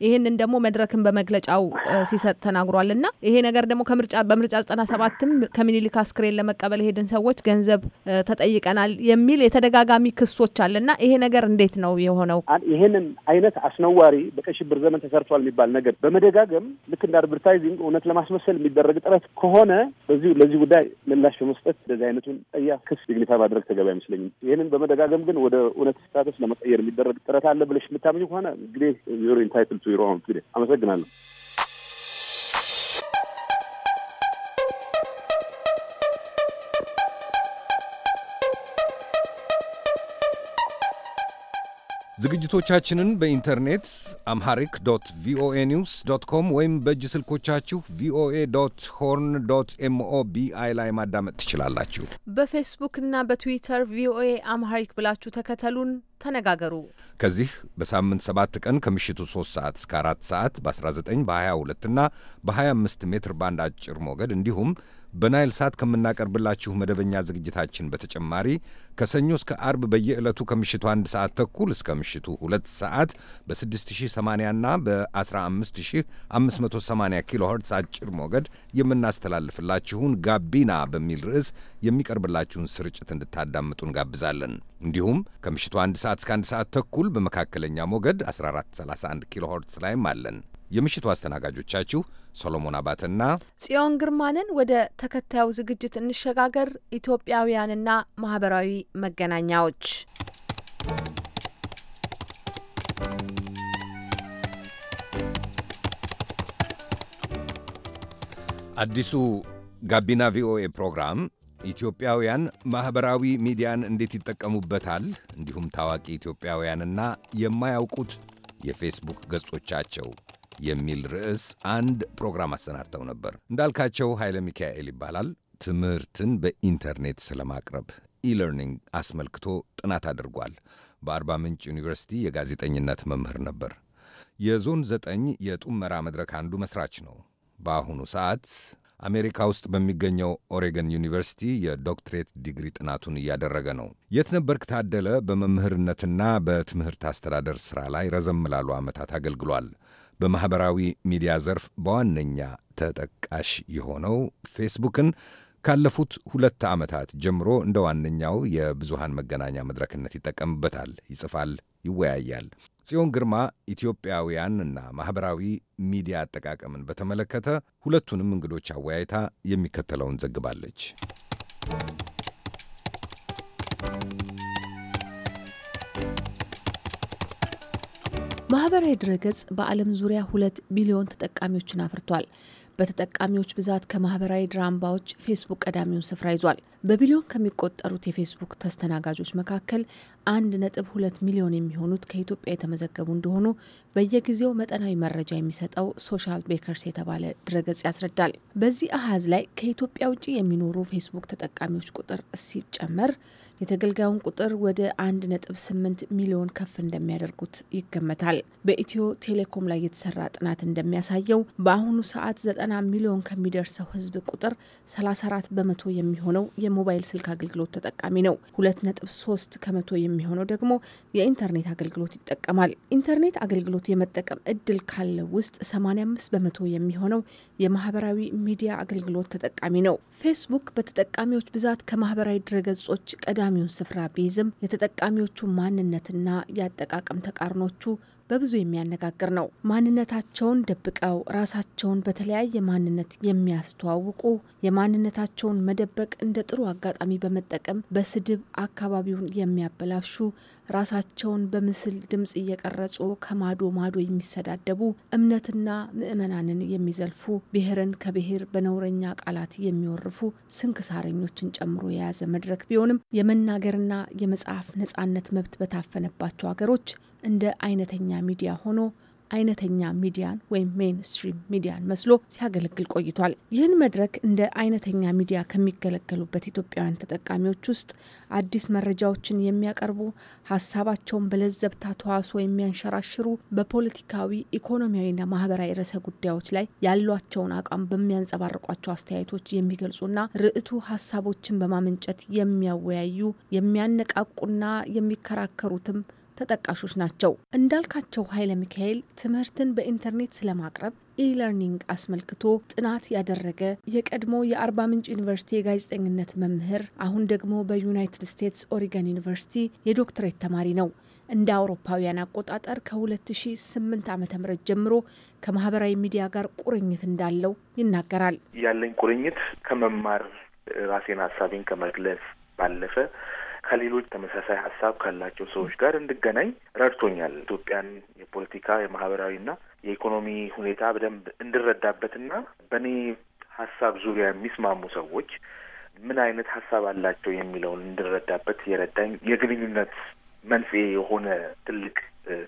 ይህንን ደግሞ መድረክን በመግለጫው ሲሰጥ ተናግሯል እና ይሄ ነገር ደግሞ ከምርጫ በምርጫ ዘጠና ሰባትም ከምኒልክ አስክሬን ለመቀበል የሄድን ሰዎች ገንዘብ ተጠይቀናል የሚል የተደጋጋሚ ክሶች አለ እና ይሄ ነገር እንዴት ነው የሆነው? ይህንን አይነት አስነዋሪ በቀይ ሽብር ዘመን ተሰርቷል የሚባል ነገር በመደጋገም ልክ እንደ አድቨርታይዚንግ እውነት ለማስመሰል የሚደረግ ጥረት ከሆነ በዚሁ ለዚህ ጉዳይ ምላሽ በመስጠት እንደዚህ አይነቱን ጠያ ክስ ግኝታ ማድረግ ተገቢ አይመስለኝም። ይህንን በመደጋገም ግን ወደ እውነት ስታተስ ለመቀየር የሚደረግ ጥረት አለ ብለሽ የምታምኝ ከሆነ እንግዲህ ዩር ኢንታይትል ሮሃም ፊዴ አመሰግናለሁ። ዝግጅቶቻችንን በኢንተርኔት አምሃሪክ ዶት ቪኦኤ ኒውስ ዶት ኮም ወይም በእጅ ስልኮቻችሁ ቪኦኤ ዶት ሆርን ዶት ቢአይ ላይ ማዳመጥ ትችላላችሁ። በፌስቡክና በትዊተር ቪኦኤ አምሃሪክ ብላችሁ ተከተሉን፣ ተነጋገሩ። ከዚህ በሳምንት ሰባት ቀን ከምሽቱ 3 ሰዓት እስከ 4 ሰዓት በ19 በ22 እና በ25 ሜትር ባንድ አጭር ሞገድ እንዲሁም በናይል ሳት ከምናቀርብላችሁ መደበኛ ዝግጅታችን በተጨማሪ ከሰኞ እስከ አርብ በየዕለቱ ከምሽቱ አንድ ሰዓት ተኩል እስከ ምሽቱ ሁለት ሰዓት በ6080 እና በ15580 ኪሎ አጭር ሞገድ የምናስተላልፍላችሁን ጋቢና በሚል ርዕስ የሚቀርብላችሁን ስርጭት እንድታዳምጡ እንጋብዛለን። እንዲሁም ከምሽቱ አንድ ሰዓት እስከ አንድ ሰዓት ተኩል በመካከለኛ ሞገድ 1431 ኪሎ ላይም አለን። የምሽቱ አስተናጋጆቻችሁ ሰሎሞን አባትና ጽዮን ግርማንን። ወደ ተከታዩ ዝግጅት እንሸጋገር። ኢትዮጵያውያንና ማህበራዊ መገናኛዎች አዲሱ ጋቢና ቪኦኤ ፕሮግራም ኢትዮጵያውያን ማኅበራዊ ሚዲያን እንዴት ይጠቀሙበታል፣ እንዲሁም ታዋቂ ኢትዮጵያውያንና የማያውቁት የፌስቡክ ገጾቻቸው የሚል ርዕስ አንድ ፕሮግራም አሰናድተው ነበር። እንዳልካቸው ኃይለ ሚካኤል ይባላል። ትምህርትን በኢንተርኔት ስለማቅረብ ኢለርኒንግ አስመልክቶ ጥናት አድርጓል። በአርባ ምንጭ ዩኒቨርሲቲ የጋዜጠኝነት መምህር ነበር። የዞን ዘጠኝ የጡመራ መድረክ አንዱ መስራች ነው። በአሁኑ ሰዓት አሜሪካ ውስጥ በሚገኘው ኦሬገን ዩኒቨርሲቲ የዶክትሬት ዲግሪ ጥናቱን እያደረገ ነው። የት ነበርክ ታደለ በመምህርነትና በትምህርት አስተዳደር ሥራ ላይ ረዘም ላሉ ዓመታት አገልግሏል። በማኅበራዊ ሚዲያ ዘርፍ በዋነኛ ተጠቃሽ የሆነው ፌስቡክን ካለፉት ሁለት ዓመታት ጀምሮ እንደ ዋነኛው የብዙሃን መገናኛ መድረክነት ይጠቀምበታል፣ ይጽፋል፣ ይወያያል። ጽዮን ግርማ ኢትዮጵያውያን እና ማኅበራዊ ሚዲያ አጠቃቀምን በተመለከተ ሁለቱንም እንግዶች አወያይታ የሚከተለውን ዘግባለች። ማህበራዊ ድረገጽ በዓለም ዙሪያ ሁለት ቢሊዮን ተጠቃሚዎችን አፍርቷል። በተጠቃሚዎች ብዛት ከማህበራዊ ድራምባዎች ፌስቡክ ቀዳሚውን ስፍራ ይዟል። በቢሊዮን ከሚቆጠሩት የፌስቡክ ተስተናጋጆች መካከል አንድ ነጥብ ሁለት ሚሊዮን የሚሆኑት ከኢትዮጵያ የተመዘገቡ እንደሆኑ በየጊዜው መጠናዊ መረጃ የሚሰጠው ሶሻል ቤከርስ የተባለ ድረገጽ ያስረዳል። በዚህ አሀዝ ላይ ከኢትዮጵያ ውጭ የሚኖሩ ፌስቡክ ተጠቃሚዎች ቁጥር ሲጨመር የተገልጋዩን ቁጥር ወደ 1.8 ሚሊዮን ከፍ እንደሚያደርጉት ይገመታል። በኢትዮ ቴሌኮም ላይ የተሰራ ጥናት እንደሚያሳየው በአሁኑ ሰዓት 90 ሚሊዮን ከሚደርሰው ሕዝብ ቁጥር 34 በመቶ የሚሆነው የሞባይል ስልክ አገልግሎት ተጠቃሚ ነው። 2.3 ከመቶ የሚሆነው ደግሞ የኢንተርኔት አገልግሎት ይጠቀማል። ኢንተርኔት አገልግሎት የመጠቀም እድል ካለው ውስጥ 85 በመቶ የሚሆነው የማህበራዊ ሚዲያ አገልግሎት ተጠቃሚ ነው። ፌስቡክ በተጠቃሚዎች ብዛት ከማህበራዊ ድረገጾች ቀዳ ቀዳሚውን ስፍራ ቢይዝም የተጠቃሚዎቹ ማንነትና የአጠቃቀም ተቃርኖቹ በብዙ የሚያነጋግር ነው። ማንነታቸውን ደብቀው ራሳቸውን በተለያየ ማንነት የሚያስተዋውቁ የማንነታቸውን መደበቅ እንደ ጥሩ አጋጣሚ በመጠቀም በስድብ አካባቢውን የሚያበላሹ ራሳቸውን በምስል ድምጽ እየቀረጹ ከማዶ ማዶ የሚሰዳደቡ እምነትና ምዕመናንን የሚዘልፉ ብሔርን ከብሔር በነውረኛ ቃላት የሚወርፉ ስንክሳረኞችን ጨምሮ የያዘ መድረክ ቢሆንም የመናገርና የመጽሐፍ ነጻነት መብት በታፈነባቸው ሀገሮች እንደ አይነተኛ ሚዲያ ሆኖ አይነተኛ ሚዲያን ወይም ሜንስትሪም ሚዲያን መስሎ ሲያገለግል ቆይቷል። ይህን መድረክ እንደ አይነተኛ ሚዲያ ከሚገለገሉበት ኢትዮጵያውያን ተጠቃሚዎች ውስጥ አዲስ መረጃዎችን የሚያቀርቡ፣ ሀሳባቸውን በለዘብታ ተዋሶ የሚያንሸራሽሩ፣ በፖለቲካዊ ኢኮኖሚያዊና ማህበራዊ ርዕሰ ጉዳዮች ላይ ያሏቸውን አቋም በሚያንጸባርቋቸው አስተያየቶች የሚገልጹና ርዕቱ ሀሳቦችን በማመንጨት የሚያወያዩ የሚያነቃቁና የሚከራከሩትም ተጠቃሾች ናቸው። እንዳልካቸው ኃይለ ሚካኤል ትምህርትን በኢንተርኔት ስለማቅረብ ኢለርኒንግ አስመልክቶ ጥናት ያደረገ የቀድሞ የአርባ ምንጭ ዩኒቨርሲቲ የጋዜጠኝነት መምህር አሁን ደግሞ በዩናይትድ ስቴትስ ኦሪገን ዩኒቨርሲቲ የዶክትሬት ተማሪ ነው። እንደ አውሮፓውያን አቆጣጠር ከ2008 ዓ.ም ጀምሮ ከማህበራዊ ሚዲያ ጋር ቁርኝት እንዳለው ይናገራል። ያለኝ ቁርኝት ከመማር ራሴን ሀሳቤን ከመግለጽ ባለፈ ከሌሎች ተመሳሳይ ሀሳብ ካላቸው ሰዎች ጋር እንድገናኝ ረድቶኛል። ኢትዮጵያን የፖለቲካ የማህበራዊና የኢኮኖሚ ሁኔታ በደንብ እንድረዳበትና በእኔ ሀሳብ ዙሪያ የሚስማሙ ሰዎች ምን አይነት ሀሳብ አላቸው የሚለውን እንድረዳበት የረዳኝ የግንኙነት መንስኤ የሆነ ትልቅ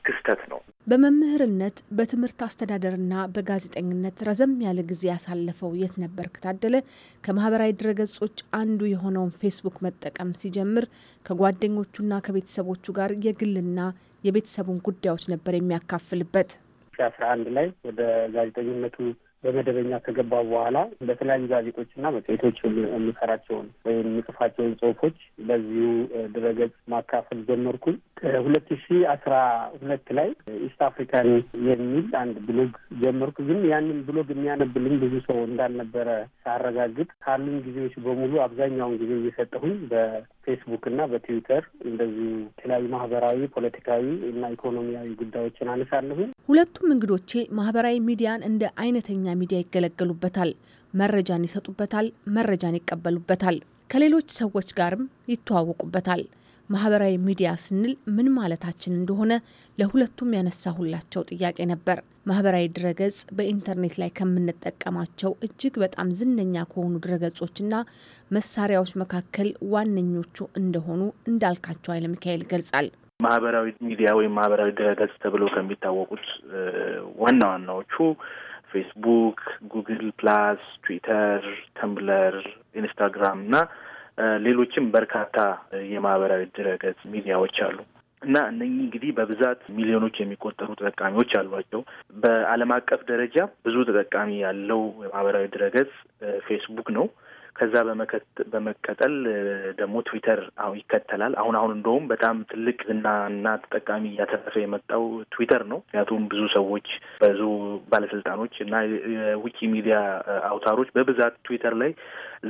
ክስተት ነው። በመምህርነት በትምህርት አስተዳደርና በጋዜጠኝነት ረዘም ያለ ጊዜ ያሳለፈው የት ነበር ከታደለ ከማህበራዊ ድረገጾች አንዱ የሆነውን ፌስቡክ መጠቀም ሲጀምር ከጓደኞቹና ከቤተሰቦቹ ጋር የግልና የቤተሰቡን ጉዳዮች ነበር የሚያካፍልበት። አስራ አንድ ላይ ወደ ጋዜጠኝነቱ በመደበኛ ከገባ በኋላ በተለያዩ ጋዜጦችና መጽሔቶች የምሰራቸውን ወይም የምጽፋቸውን ጽሁፎች በዚሁ ድረገጽ ማካፈል ጀመርኩኝ። ሁለት ሺ አስራ ሁለት ላይ ኢስት አፍሪካን የሚል አንድ ብሎግ ጀመርኩ። ግን ያንን ብሎግ የሚያነብልኝ ብዙ ሰው እንዳልነበረ ሳረጋግጥ ካሉኝ ጊዜዎች በሙሉ አብዛኛውን ጊዜ እየሰጠሁኝ በፌስቡክ እና በትዊተር እንደዚሁ የተለያዩ ማህበራዊ፣ ፖለቲካዊ እና ኢኮኖሚያዊ ጉዳዮችን አነሳለሁኝ። ሁለቱም እንግዶቼ ማህበራዊ ሚዲያን እንደ አይነተኛ ሚዲያ ይገለገሉበታል፣ መረጃን ይሰጡበታል፣ መረጃን ይቀበሉበታል፣ ከሌሎች ሰዎች ጋርም ይተዋወቁበታል። ማህበራዊ ሚዲያ ስንል ምን ማለታችን እንደሆነ ለሁለቱም ያነሳሁላቸው ጥያቄ ነበር። ማህበራዊ ድረገጽ በኢንተርኔት ላይ ከምንጠቀማቸው እጅግ በጣም ዝነኛ ከሆኑ ድረገጾችና መሳሪያዎች መካከል ዋነኞቹ እንደሆኑ እንዳልካቸው ኃይለ ሚካኤል ይገልጻል። ማህበራዊ ሚዲያ ወይም ማህበራዊ ድረገጽ ተብሎ ከሚታወቁት ዋና ዋናዎቹ ፌስቡክ፣ ጉግል ፕላስ፣ ትዊተር፣ ተምብለር፣ ኢንስታግራም እና ሌሎችም በርካታ የማህበራዊ ድረገጽ ሚዲያዎች አሉ እና እነኚህ እንግዲህ በብዛት ሚሊዮኖች የሚቆጠሩ ተጠቃሚዎች አሏቸው። በዓለም አቀፍ ደረጃ ብዙ ተጠቃሚ ያለው የማህበራዊ ድረገጽ ፌስቡክ ነው። ከዛ በመቀጠል ደግሞ ትዊተር ይከተላል። አሁን አሁን እንደውም በጣም ትልቅ ዝናና ተጠቃሚ እያተረፈ የመጣው ትዊተር ነው። ምክንያቱም ብዙ ሰዎች ብዙ ባለስልጣኖች እና የዊኪ ሚዲያ አውታሮች በብዛት ትዊተር ላይ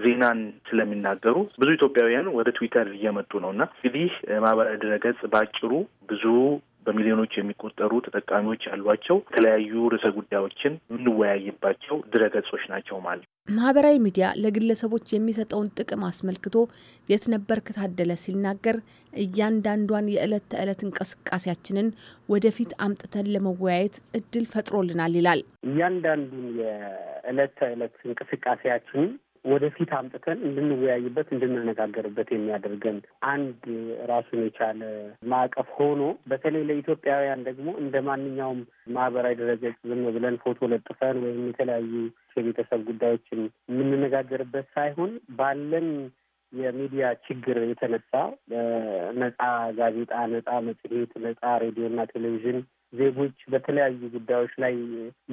ዜናን ስለሚናገሩ ብዙ ኢትዮጵያውያን ወደ ትዊተር እየመጡ ነው እና እንግዲህ ማህበራዊ ድረገጽ በአጭሩ ብዙ በሚሊዮኖች የሚቆጠሩ ተጠቃሚዎች ያሏቸው የተለያዩ ርዕሰ ጉዳዮችን የምንወያይባቸው ድረገጾች ናቸው ማለት ነው። ማህበራዊ ሚዲያ ለግለሰቦች የሚሰጠውን ጥቅም አስመልክቶ የት ነበር ከታደለ ሲናገር እያንዳንዷን የዕለት ተዕለት እንቅስቃሴያችንን ወደፊት አምጥተን ለመወያየት እድል ፈጥሮልናል ይላል። እያንዳንዱን የዕለት ተዕለት እንቅስቃሴያችንን ወደፊት አምጥተን እንድንወያይበት እንድንነጋገርበት የሚያደርገን አንድ ራሱን የቻለ ማዕቀፍ ሆኖ በተለይ ለኢትዮጵያውያን ደግሞ እንደ ማንኛውም ማህበራዊ ድረገጽ ዝም ብለን ፎቶ ለጥፈን ወይም የተለያዩ የቤተሰብ ጉዳዮችን የምንነጋገርበት ሳይሆን ባለን የሚዲያ ችግር የተነሳ ነጻ ጋዜጣ፣ ነጻ መጽሔት፣ ነጻ ሬዲዮና ቴሌቪዥን ዜጎች በተለያዩ ጉዳዮች ላይ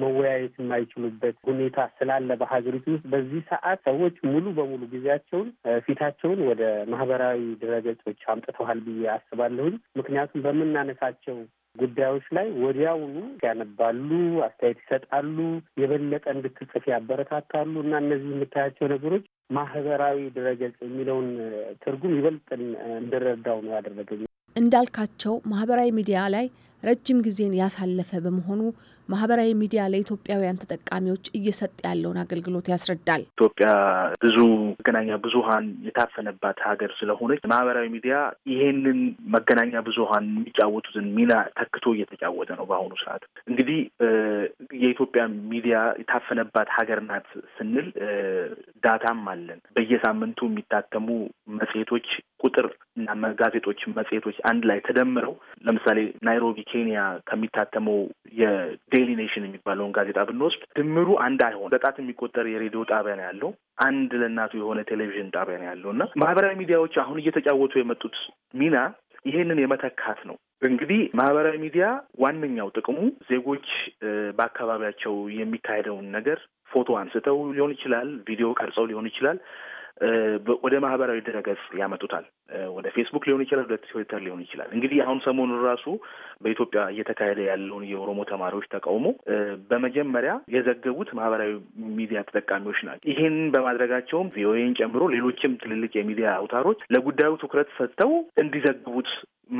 መወያየት የማይችሉበት ሁኔታ ስላለ በሀገሪቱ ውስጥ በዚህ ሰዓት ሰዎች ሙሉ በሙሉ ጊዜያቸውን ፊታቸውን ወደ ማህበራዊ ድረገጾች አምጥተዋል ብዬ አስባለሁኝ። ምክንያቱም በምናነሳቸው ጉዳዮች ላይ ወዲያውኑ ያነባሉ፣ አስተያየት ይሰጣሉ፣ የበለጠ እንድትጽፍ ያበረታታሉ እና እነዚህ የምታያቸው ነገሮች ማህበራዊ ድረገጽ የሚለውን ትርጉም ይበልጥ እንድረዳው ነው ያደረገኝ። እንዳልካቸው ማህበራዊ ሚዲያ ላይ ረጅም ጊዜን ያሳለፈ በመሆኑ ማህበራዊ ሚዲያ ለኢትዮጵያውያን ተጠቃሚዎች እየሰጠ ያለውን አገልግሎት ያስረዳል። ኢትዮጵያ ብዙ መገናኛ ብዙሀን የታፈነባት ሀገር ስለሆነች ማህበራዊ ሚዲያ ይሄንን መገናኛ ብዙሀን የሚጫወቱትን ሚና ተክቶ እየተጫወተ ነው። በአሁኑ ሰዓት እንግዲህ የኢትዮጵያ ሚዲያ የታፈነባት ሀገር ናት ስንል ዳታም አለን። በየሳምንቱ የሚታተሙ መጽሔቶች ቁጥር እና መጋዜጦች፣ መጽሔቶች አንድ ላይ ተደምረው ለምሳሌ ናይሮቢ ኬንያ ከሚታተመው የ ዴይሊ ኔሽን የሚባለውን ጋዜጣ ብንወስድ ድምሩ አንድ አይሆን በጣት የሚቆጠር የሬዲዮ ጣቢያ ነው ያለው። አንድ ለእናቱ የሆነ ቴሌቪዥን ጣቢያ ነው ያለው እና ማህበራዊ ሚዲያዎች አሁን እየተጫወቱ የመጡት ሚና ይሄንን የመተካት ነው። እንግዲህ ማህበራዊ ሚዲያ ዋነኛው ጥቅሙ ዜጎች በአካባቢያቸው የሚካሄደውን ነገር ፎቶ አንስተው ሊሆን ይችላል፣ ቪዲዮ ቀርጸው ሊሆን ይችላል ወደ ማህበራዊ ድረገጽ ያመጡታል። ወደ ፌስቡክ ሊሆን ይችላል፣ ወደ ትዊተር ሊሆን ይችላል። እንግዲህ አሁን ሰሞኑን ራሱ በኢትዮጵያ እየተካሄደ ያለውን የኦሮሞ ተማሪዎች ተቃውሞ በመጀመሪያ የዘገቡት ማህበራዊ ሚዲያ ተጠቃሚዎች ናቸው። ይህን በማድረጋቸውም ቪኦኤን ጨምሮ ሌሎችም ትልልቅ የሚዲያ አውታሮች ለጉዳዩ ትኩረት ሰጥተው እንዲዘግቡት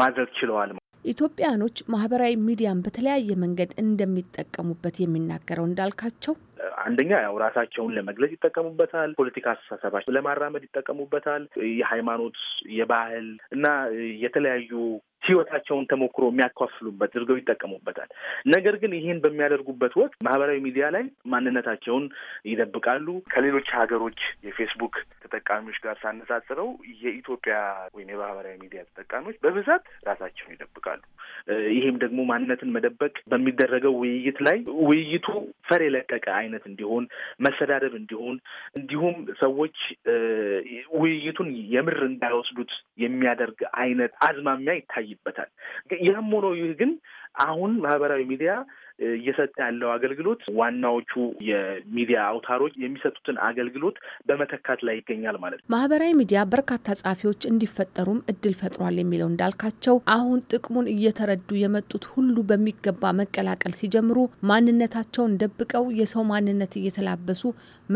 ማድረግ ችለዋል። ኢትዮጵያኖች ማህበራዊ ሚዲያን በተለያየ መንገድ እንደሚጠቀሙበት የሚናገረው እንዳልካቸው አንደኛ ያው ራሳቸውን ለመግለጽ ይጠቀሙበታል። ፖለቲካ አስተሳሰባቸው ለማራመድ ይጠቀሙበታል። የሃይማኖት፣ የባህል እና የተለያዩ ህይወታቸውን ተሞክሮ የሚያካፍሉበት አድርገው ይጠቀሙበታል። ነገር ግን ይህን በሚያደርጉበት ወቅት ማህበራዊ ሚዲያ ላይ ማንነታቸውን ይደብቃሉ። ከሌሎች ሀገሮች የፌስቡክ ተጠቃሚዎች ጋር ሳነጻጽረው የኢትዮጵያ ወይም የማህበራዊ ሚዲያ ተጠቃሚዎች በብዛት ራሳቸውን ይደብቃሉ። ይህም ደግሞ ማንነትን መደበቅ በሚደረገው ውይይት ላይ ውይይቱ ፈር የለቀቀ አይነት እንዲሆን፣ መሰዳደብ እንዲሆን እንዲሁም ሰዎች ውይይቱን የምር እንዳይወስዱት የሚያደርግ አይነት አዝማሚያ ይታይ ይታይበታል። ያም ሆኖ ይህ ግን አሁን ማህበራዊ ሚዲያ እየሰጠ ያለው አገልግሎት ዋናዎቹ የሚዲያ አውታሮች የሚሰጡትን አገልግሎት በመተካት ላይ ይገኛል ማለት ነው። ማህበራዊ ሚዲያ በርካታ ጸሐፊዎች እንዲፈጠሩም እድል ፈጥሯል የሚለው እንዳልካቸው፣ አሁን ጥቅሙን እየተረዱ የመጡት ሁሉ በሚገባ መቀላቀል ሲጀምሩ ማንነታቸውን ደብቀው የሰው ማንነት እየተላበሱ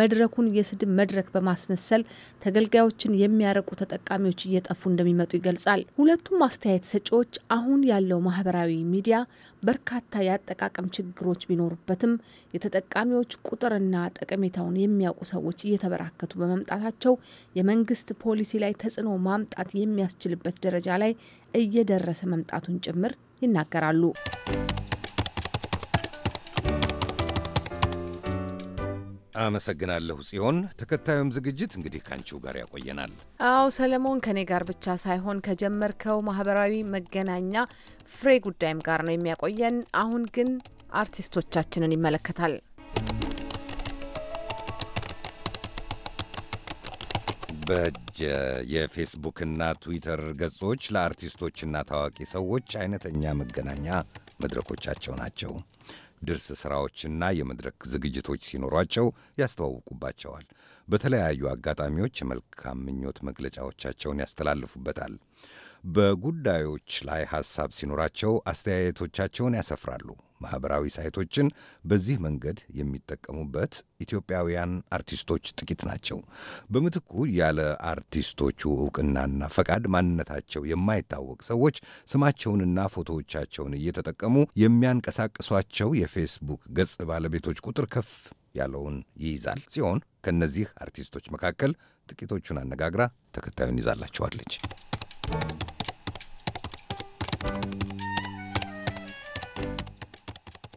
መድረኩን የስድብ መድረክ በማስመሰል ተገልጋዮችን የሚያረቁ ተጠቃሚዎች እየጠፉ እንደሚመጡ ይገልጻል። ሁለቱም አስተያየት ሰጪዎች አሁን ያለው ማህበራዊ ሚዲያ በርካታ የአጠቃቀም ችግሮች ቢኖሩበትም የተጠቃሚዎች ቁጥርና ጠቀሜታውን የሚያውቁ ሰዎች እየተበራከቱ በመምጣታቸው የመንግስት ፖሊሲ ላይ ተጽዕኖ ማምጣት የሚያስችልበት ደረጃ ላይ እየደረሰ መምጣቱን ጭምር ይናገራሉ። አመሰግናለሁ ጽዮን። ተከታዩም ዝግጅት እንግዲህ ከአንቺው ጋር ያቆየናል። አዎ ሰለሞን፣ ከእኔ ጋር ብቻ ሳይሆን ከጀመርከው ማህበራዊ መገናኛ ፍሬ ጉዳይም ጋር ነው የሚያቆየን። አሁን ግን አርቲስቶቻችንን ይመለከታል። በእጅ የፌስቡክና ትዊተር ገጾች ለአርቲስቶችና ታዋቂ ሰዎች አይነተኛ መገናኛ መድረኮቻቸው ናቸው። ድርስ ሥራዎችና የመድረክ ዝግጅቶች ሲኖሯቸው ያስተዋውቁባቸዋል። በተለያዩ አጋጣሚዎች የመልካም ምኞት መግለጫዎቻቸውን ያስተላልፉበታል። በጉዳዮች ላይ ሐሳብ ሲኖራቸው አስተያየቶቻቸውን ያሰፍራሉ። ማኅበራዊ ሳይቶችን በዚህ መንገድ የሚጠቀሙበት ኢትዮጵያውያን አርቲስቶች ጥቂት ናቸው። በምትኩ ያለ አርቲስቶቹ እውቅናና ፈቃድ ማንነታቸው የማይታወቅ ሰዎች ስማቸውንና ፎቶዎቻቸውን እየተጠቀሙ የሚያንቀሳቅሷቸው የፌስቡክ ገጽ ባለቤቶች ቁጥር ከፍ ያለውን ይይዛል ሲሆን ከእነዚህ አርቲስቶች መካከል ጥቂቶቹን አነጋግራ ተከታዩን ይዛላችኋለች።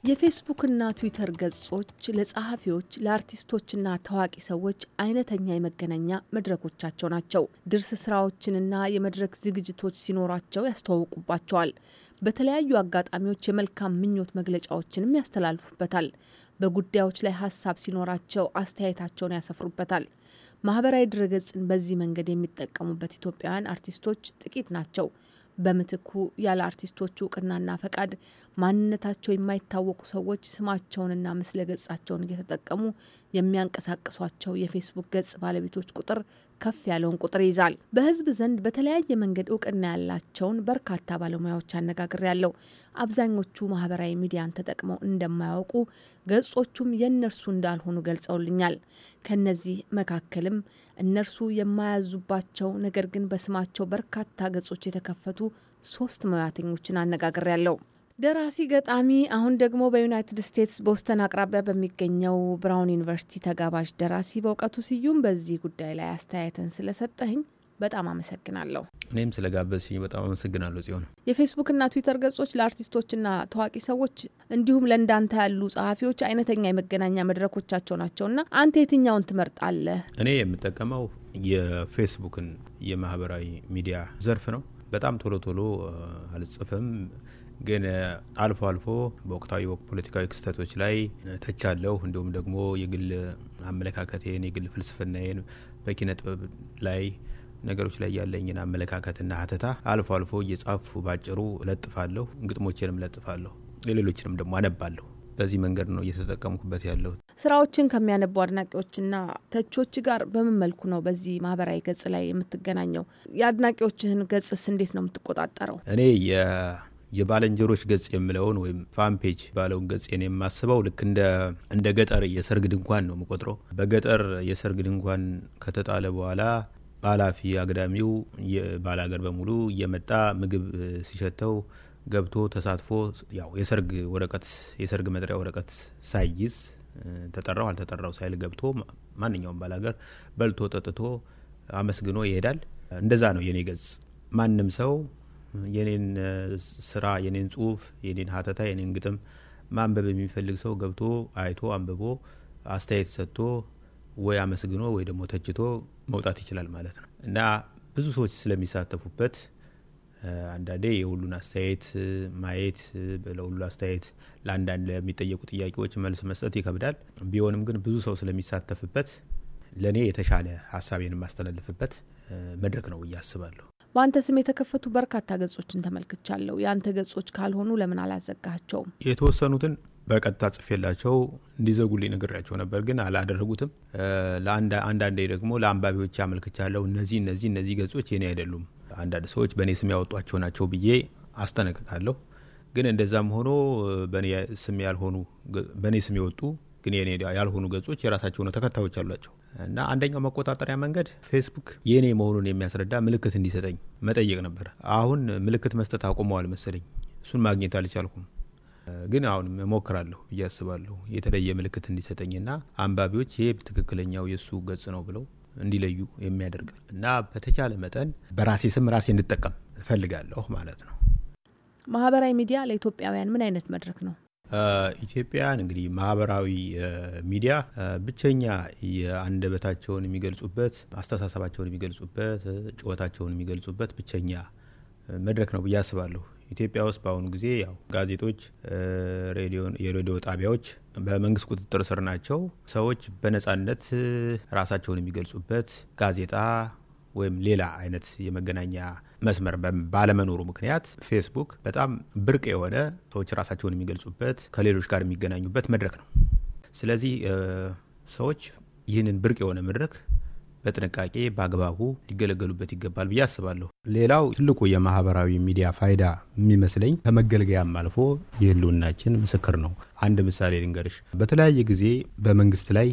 የፌስቡክና ትዊተር ገጾች ለጸሐፊዎች፣ ለአርቲስቶችና ታዋቂ ሰዎች አይነተኛ የመገናኛ መድረኮቻቸው ናቸው። ድርስ ስራዎችንና የመድረክ ዝግጅቶች ሲኖራቸው ያስተዋውቁባቸዋል። በተለያዩ አጋጣሚዎች የመልካም ምኞት መግለጫዎችንም ያስተላልፉበታል። በጉዳዮች ላይ ሀሳብ ሲኖራቸው አስተያየታቸውን ያሰፍሩበታል። ማህበራዊ ድረገጽን በዚህ መንገድ የሚጠቀሙበት ኢትዮጵያውያን አርቲስቶች ጥቂት ናቸው። በምትኩ ያለ አርቲስቶቹ እውቅናና ፈቃድ ማንነታቸው የማይታወቁ ሰዎች ስማቸውንና ምስለ ገጻቸውን እየተጠቀሙ የሚያንቀሳቅሷቸው የፌስቡክ ገጽ ባለቤቶች ቁጥር ከፍ ያለውን ቁጥር ይዛል። በህዝብ ዘንድ በተለያየ መንገድ እውቅና ያላቸውን በርካታ ባለሙያዎች አነጋግሬ ያለው አብዛኞቹ ማህበራዊ ሚዲያን ተጠቅመው እንደማያውቁ ገጾቹም የእነርሱ እንዳልሆኑ ገልጸውልኛል። ከነዚህ መካከልም እነርሱ የማያዙባቸው ነገር ግን በስማቸው በርካታ ገጾች የተከፈቱ ሶስት ሙያተኞችን ያለው። ደራሲ ገጣሚ፣ አሁን ደግሞ በዩናይትድ ስቴትስ ቦስተን አቅራቢያ በሚገኘው ብራውን ዩኒቨርሲቲ ተጋባዥ ደራሲ በእውቀቱ ስዩም በዚህ ጉዳይ ላይ አስተያየትን ስለሰጠኝ በጣም አመሰግናለሁ። እኔም ስለጋበዝሽኝ በጣም አመሰግናለሁ ጽዮን። የፌስቡክና ትዊተር ገጾች ለአርቲስቶችና ታዋቂ ሰዎች እንዲሁም ለእንዳንተ ያሉ ጸሐፊዎች አይነተኛ የመገናኛ መድረኮቻቸው ናቸውና አንተ የትኛውን ትመርጣለህ? እኔ የምጠቀመው የፌስቡክን የማህበራዊ ሚዲያ ዘርፍ ነው። በጣም ቶሎ ቶሎ አልጽፍም፣ ግን አልፎ አልፎ በወቅታዊ ፖለቲካዊ ክስተቶች ላይ ተቻለሁ። እንዲሁም ደግሞ የግል አመለካከቴን የግል ፍልስፍናዬን በኪነ ጥበብ ላይ ነገሮች ላይ ያለኝን አመለካከትና ሀተታ አልፎ አልፎ እየጻፉ ባጭሩ እለጥፋለሁ፣ ግጥሞችንም እለጥፋለሁ፣ የሌሎችንም ደግሞ አነባለሁ። በዚህ መንገድ ነው እየተጠቀምኩበት ያለሁት። ስራዎችን ከሚያነቡ አድናቂዎችና ተቾች ጋር በምን መልኩ ነው በዚህ ማህበራዊ ገጽ ላይ የምትገናኘው? የአድናቂዎችህን ገጽስ እንዴት ነው የምትቆጣጠረው? እኔ የባለንጀሮች ገጽ የምለውን ወይም ፋንፔጅ ባለውን ኔ የማስበው ልክ እንደ ገጠር የሰርግ ድንኳን ነው የምቆጥረው። በገጠር የሰርግ ድንኳን ከተጣለ በኋላ ኃላፊ አግዳሚው ባላገር በሙሉ እየመጣ ምግብ ሲሸተው ገብቶ ተሳትፎ ያው የሰርግ ወረቀት የሰርግ መጥሪያ ወረቀት ሳይይዝ ተጠራው አልተጠራው ሳይል ገብቶ ማንኛውም ባላገር በልቶ ጠጥቶ አመስግኖ ይሄዳል። እንደዛ ነው የኔ ገጽ። ማንም ሰው የኔን ስራ፣ የኔን ጽሁፍ፣ የኔን ሀተታ፣ የኔን ግጥም ማንበብ የሚፈልግ ሰው ገብቶ አይቶ አንብቦ አስተያየት ሰጥቶ ወይ አመስግኖ ወይ ደግሞ ተችቶ መውጣት ይችላል ማለት ነው እና ብዙ ሰዎች ስለሚሳተፉበት አንዳንዴ የሁሉን አስተያየት ማየት ለሁሉ አስተያየት ለአንዳንድ ለሚጠየቁ ጥያቄዎች መልስ መስጠት ይከብዳል። ቢሆንም ግን ብዙ ሰው ስለሚሳተፍበት ለእኔ የተሻለ ሀሳቤን የማስተላልፍበት መድረክ ነው ብዬ አስባለሁ። በአንተ ስም የተከፈቱ በርካታ ገጾችን ተመልክቻለሁ። የአንተ ገጾች ካልሆኑ ለምን አላዘጋቸውም? የተወሰኑትን በቀጥታ ጽፌላቸው እንዲዘጉልኝ ነግሬያቸው ነበር፣ ግን አላደረጉትም። አንዳንዴ ደግሞ ለአንባቢዎች አመልክቻለሁ፣ እነዚህ እነዚህ እነዚህ ገጾች የኔ አይደሉም፣ አንዳንድ ሰዎች በእኔ ስም ያወጧቸው ናቸው ብዬ አስጠነቅቃለሁ። ግን እንደዛም ሆኖ በእኔ ስም ያልሆኑ በእኔ ስም የወጡ ግን የኔ ያልሆኑ ገጾች የራሳቸው የሆነ ተከታዮች አሏቸው እና አንደኛው መቆጣጠሪያ መንገድ ፌስቡክ የኔ መሆኑን የሚያስረዳ ምልክት እንዲሰጠኝ መጠየቅ ነበር። አሁን ምልክት መስጠት አቁመዋል መሰለኝ። እሱን ማግኘት አልቻልኩም፣ ግን አሁን እሞክራለሁ ብዬ አስባለሁ። የተለየ ምልክት እንዲሰጠኝና አንባቢዎች ይሄ ትክክለኛው የእሱ ገጽ ነው ብለው እንዲለዩ የሚያደርግ እና በተቻለ መጠን በራሴ ስም ራሴ እንድጠቀም እፈልጋለሁ ማለት ነው። ማህበራዊ ሚዲያ ለኢትዮጵያውያን ምን አይነት መድረክ ነው? ኢትዮጵያውያን እንግዲህ ማህበራዊ ሚዲያ ብቸኛ የአንደበታቸውን የሚገልጹበት፣ አስተሳሰባቸውን የሚገልጹበት፣ ጩኸታቸውን የሚገልጹበት ብቸኛ መድረክ ነው ብዬ አስባለሁ። ኢትዮጵያ ውስጥ በአሁኑ ጊዜ ያው ጋዜጦች፣ የሬዲዮ ጣቢያዎች በመንግስት ቁጥጥር ስር ናቸው። ሰዎች በነጻነት ራሳቸውን የሚገልጹበት ጋዜጣ ወይም ሌላ አይነት የመገናኛ መስመር ባለመኖሩ ምክንያት ፌስቡክ በጣም ብርቅ የሆነ ሰዎች ራሳቸውን የሚገልጹበት ከሌሎች ጋር የሚገናኙበት መድረክ ነው። ስለዚህ ሰዎች ይህንን ብርቅ የሆነ መድረክ በጥንቃቄ በአግባቡ ሊገለገሉበት ይገባል ብዬ አስባለሁ። ሌላው ትልቁ የማህበራዊ ሚዲያ ፋይዳ የሚመስለኝ ከመገልገያም አልፎ የህልውናችን ምስክር ነው። አንድ ምሳሌ ልንገርሽ። በተለያየ ጊዜ በመንግስት ላይ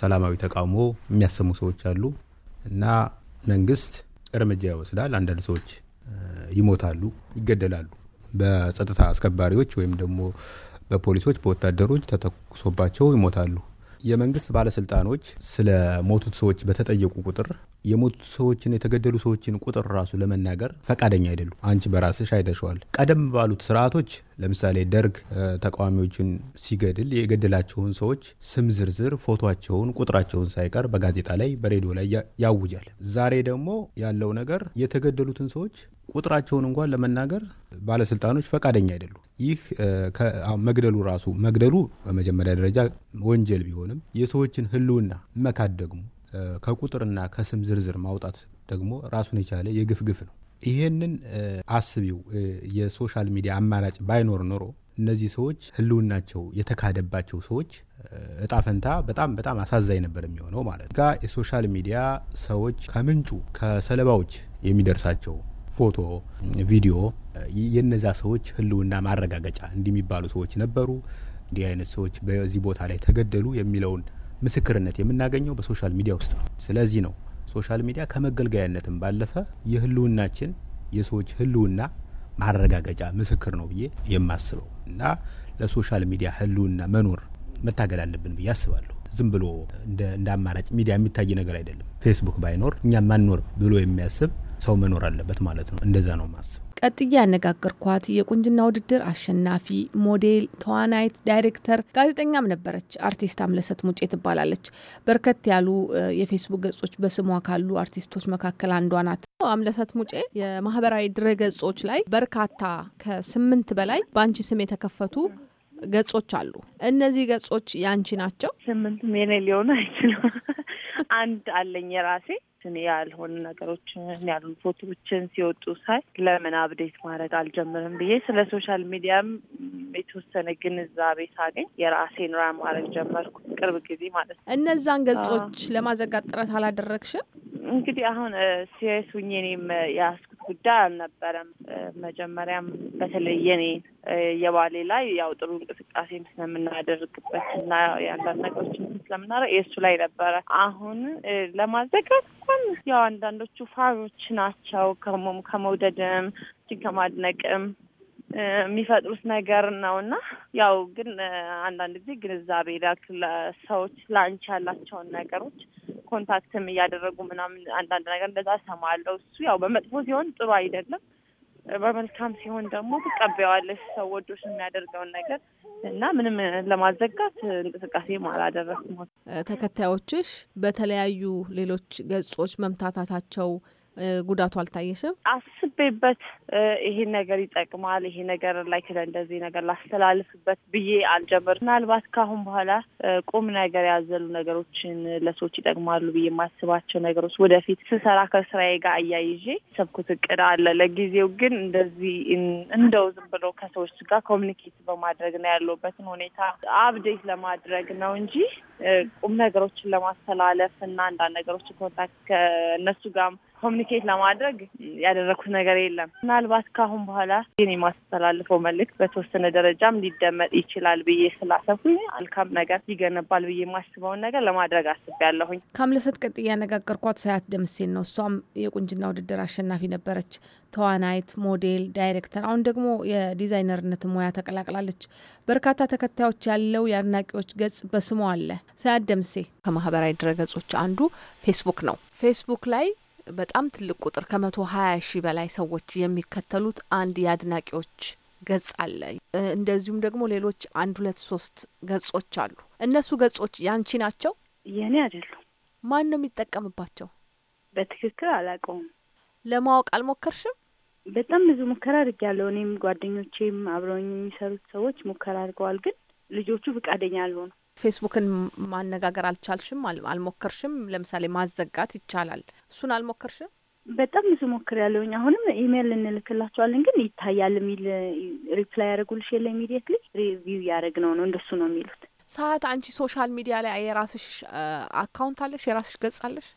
ሰላማዊ ተቃውሞ የሚያሰሙ ሰዎች አሉ እና መንግስት እርምጃ ይወስዳል። አንዳንድ ሰዎች ይሞታሉ፣ ይገደላሉ። በጸጥታ አስከባሪዎች ወይም ደግሞ በፖሊሶች፣ በወታደሮች ተተኩሶባቸው ይሞታሉ። የመንግስት ባለስልጣኖች ስለ ሞቱት ሰዎች በተጠየቁ ቁጥር የሞቱት ሰዎችን የተገደሉ ሰዎችን ቁጥር ራሱ ለመናገር ፈቃደኛ አይደሉም። አንቺ በራስሽ አይተሸዋል። ቀደም ባሉት ስርዓቶች ለምሳሌ ደርግ ተቃዋሚዎችን ሲገድል የገደላቸውን ሰዎች ስም ዝርዝር፣ ፎቶቸውን፣ ቁጥራቸውን ሳይቀር በጋዜጣ ላይ በሬዲዮ ላይ ያውጃል። ዛሬ ደግሞ ያለው ነገር የተገደሉትን ሰዎች ቁጥራቸውን እንኳን ለመናገር ባለስልጣኖች ፈቃደኛ አይደሉም። ይህ መግደሉ ራሱ መግደሉ በመጀመሪያ ደረጃ ወንጀል ቢሆንም የሰዎችን ሕልውና መካድ ደግሞ ከቁጥርና ከስም ዝርዝር ማውጣት ደግሞ ራሱን የቻለ የግፍ ግፍ ነው። ይህንን አስቢው። የሶሻል ሚዲያ አማራጭ ባይኖር ኖሮ እነዚህ ሰዎች ህልውናቸው የተካደባቸው ሰዎች እጣ ፈንታ በጣም በጣም አሳዛኝ ነበር የሚሆነው ማለት ጋ የሶሻል ሚዲያ ሰዎች ከምንጩ ከሰለባዎች የሚደርሳቸው ፎቶ፣ ቪዲዮ የነዛ ሰዎች ህልውና ማረጋገጫ እንደሚባሉ ሰዎች ነበሩ፣ እንዲህ አይነት ሰዎች በዚህ ቦታ ላይ ተገደሉ የሚለውን ምስክርነት የምናገኘው በሶሻል ሚዲያ ውስጥ ነው። ስለዚህ ነው ሶሻል ሚዲያ ከመገልገያነትም ባለፈ የህልውናችን የሰዎች ህልውና ማረጋገጫ ምስክር ነው ብዬ የማስበው እና ለሶሻል ሚዲያ ህልውና መኖር መታገል አለብን ብዬ አስባለሁ። ዝም ብሎ እንደ አማራጭ ሚዲያ የሚታይ ነገር አይደለም። ፌስቡክ ባይኖር እኛ ማንኖር ብሎ የሚያስብ ሰው መኖር አለበት ማለት ነው። እንደዛ ነው ማስብ። ቀጥዬ ያነጋገርኳት የቁንጅና ውድድር አሸናፊ ሞዴል፣ ተዋናይት፣ ዳይሬክተር፣ ጋዜጠኛም ነበረች። አርቲስት አምለሰት ሙጬ ትባላለች። በርከት ያሉ የፌስቡክ ገጾች በስሟ ካሉ አርቲስቶች መካከል አንዷ ናት። አምለሰት ሙጬ የማህበራዊ ድረ ገጾች ላይ በርካታ ከስምንት በላይ በአንቺ ስም የተከፈቱ ገጾች አሉ። እነዚህ ገጾች ያንቺ ናቸው? ስምንት ሜኔ ሊሆኑ አይችሉም። አንድ አለኝ የራሴ ራሳችን ያልሆኑ ነገሮችን ያሉን ፎቶዎችን ሲወጡ ሳይ ለምን አብዴት ማድረግ አልጀምርም ብዬ ስለ ሶሻል ሚዲያም የተወሰነ ግንዛቤ ሳገኝ የራሴን ራ ማድረግ ጀመርኩ። ቅርብ ጊዜ ማለት ነው። እነዛን ገጾች ለማዘጋት ጥረት አላደረግሽም? እንግዲህ አሁን ሲሪየስ ሁኜ እኔም ጉዳይ አልነበረም። መጀመሪያም በተለይ የኔ የባሌ ላይ ያው ጥሩ እንቅስቃሴም ስለምናደርግበት እና ያንዳንድ ነገሮችን ስለምናደርግ የእሱ ላይ ነበረ። አሁን ለማዘጋት እንኳን ያው አንዳንዶቹ ፋኖች ናቸው ከሞም ከመውደድም ከማድነቅም የሚፈጥሩት ነገር ነው እና ያው ግን አንዳንድ ጊዜ ግንዛቤ ላክ ሰዎች ለአንቺ ያላቸውን ነገሮች ኮንታክትም እያደረጉ ምናምን አንዳንድ ነገር እንደዛ ሰማለው። እሱ ያው በመጥፎ ሲሆን ጥሩ አይደለም፣ በመልካም ሲሆን ደግሞ ትቀበዋለሽ። ሰው ወዶች የሚያደርገውን ነገር እና ምንም ለማዘጋት እንቅስቃሴም አላደረኩም። ተከታዮችሽ በተለያዩ ሌሎች ገጾች መምታታታቸው ጉዳቱ አልታየሽም? አስቤበት ይሄን ነገር ይጠቅማል፣ ይሄ ነገር ላይ እንደዚህ ነገር ላስተላልፍበት ብዬ አልጀምር። ምናልባት ከአሁን በኋላ ቁም ነገር ያዘሉ ነገሮችን ለሰዎች ይጠቅማሉ ብዬ የማስባቸው ነገሮች ወደፊት ስሰራ ከስራዬ ጋር አያይዤ ሰብኩት እቅድ አለ። ለጊዜው ግን እንደዚህ እንደው ዝም ብሎ ከሰዎች ጋር ኮሚኒኬት በማድረግ ነው ያለሁበትን ሁኔታ አብዴት ለማድረግ ነው እንጂ ቁም ነገሮችን ለማስተላለፍ እና አንዳንድ ነገሮች ኮንታክት ከእነሱ ጋር ኮሚኒኬት ለማድረግ ያደረግኩት ነገር የለም። ምናልባት ከአሁን በኋላ ግን የማስተላልፈው መልእክት በተወሰነ ደረጃም ሊደመጥ ይችላል ብዬ ስላሰብኩኝ አልካም ነገር ይገነባል ብዬ የማስበውን ነገር ለማድረግ አስቤያለሁኝ። ካምለሰት ቀጥዬ ያነጋገርኳት ሳያት ደምሴን ነው። እሷም የቁንጅና ውድድር አሸናፊ ነበረች። ተዋናይት፣ ሞዴል፣ ዳይሬክተር አሁን ደግሞ የዲዛይነርነት ሙያ ተቀላቅላለች። በርካታ ተከታዮች ያለው የአድናቂዎች ገጽ በስሙ አለ። ሳያት ደምሴ ከማህበራዊ ድረገጾች አንዱ ፌስቡክ ነው። ፌስቡክ ላይ በጣም ትልቅ ቁጥር ከመቶ ሀያ ሺህ በላይ ሰዎች የሚከተሉት አንድ የአድናቂዎች ገጽ አለ። እንደዚሁም ደግሞ ሌሎች አንድ ሁለት ሶስት ገጾች አሉ። እነሱ ገጾች ያንቺ ናቸው? የእኔ አይደሉም። ማን ነው የሚጠቀምባቸው? በትክክል አላውቀውም። ለማወቅ አልሞከርሽም? በጣም ብዙ ሙከራ አድርጊያለሁ። እኔም ጓደኞቼም አብረውኝ የሚሰሩት ሰዎች ሙከራ አድርገዋል። ግን ልጆቹ ፍቃደኛ አልሆኑ። ፌስቡክን ማነጋገር አልቻልሽም፣ አልሞከርሽም? ለምሳሌ ማዘጋት ይቻላል። እሱን አልሞከርሽም? በጣም ብዙ ሞክር ያለውኝ አሁንም ኢሜይል እንልክላቸዋለን፣ ግን ይታያል የሚል ሪፕላይ ያደረጉልሽ የለ ኢሚዲየትሊ ሪቪው እያደረግ ነው ነው እንደሱ ነው የሚሉት። ሰዓት አንቺ ሶሻል ሚዲያ ላይ የራስሽ አካውንት አለሽ? የራስሽ ገጽ አለሽ?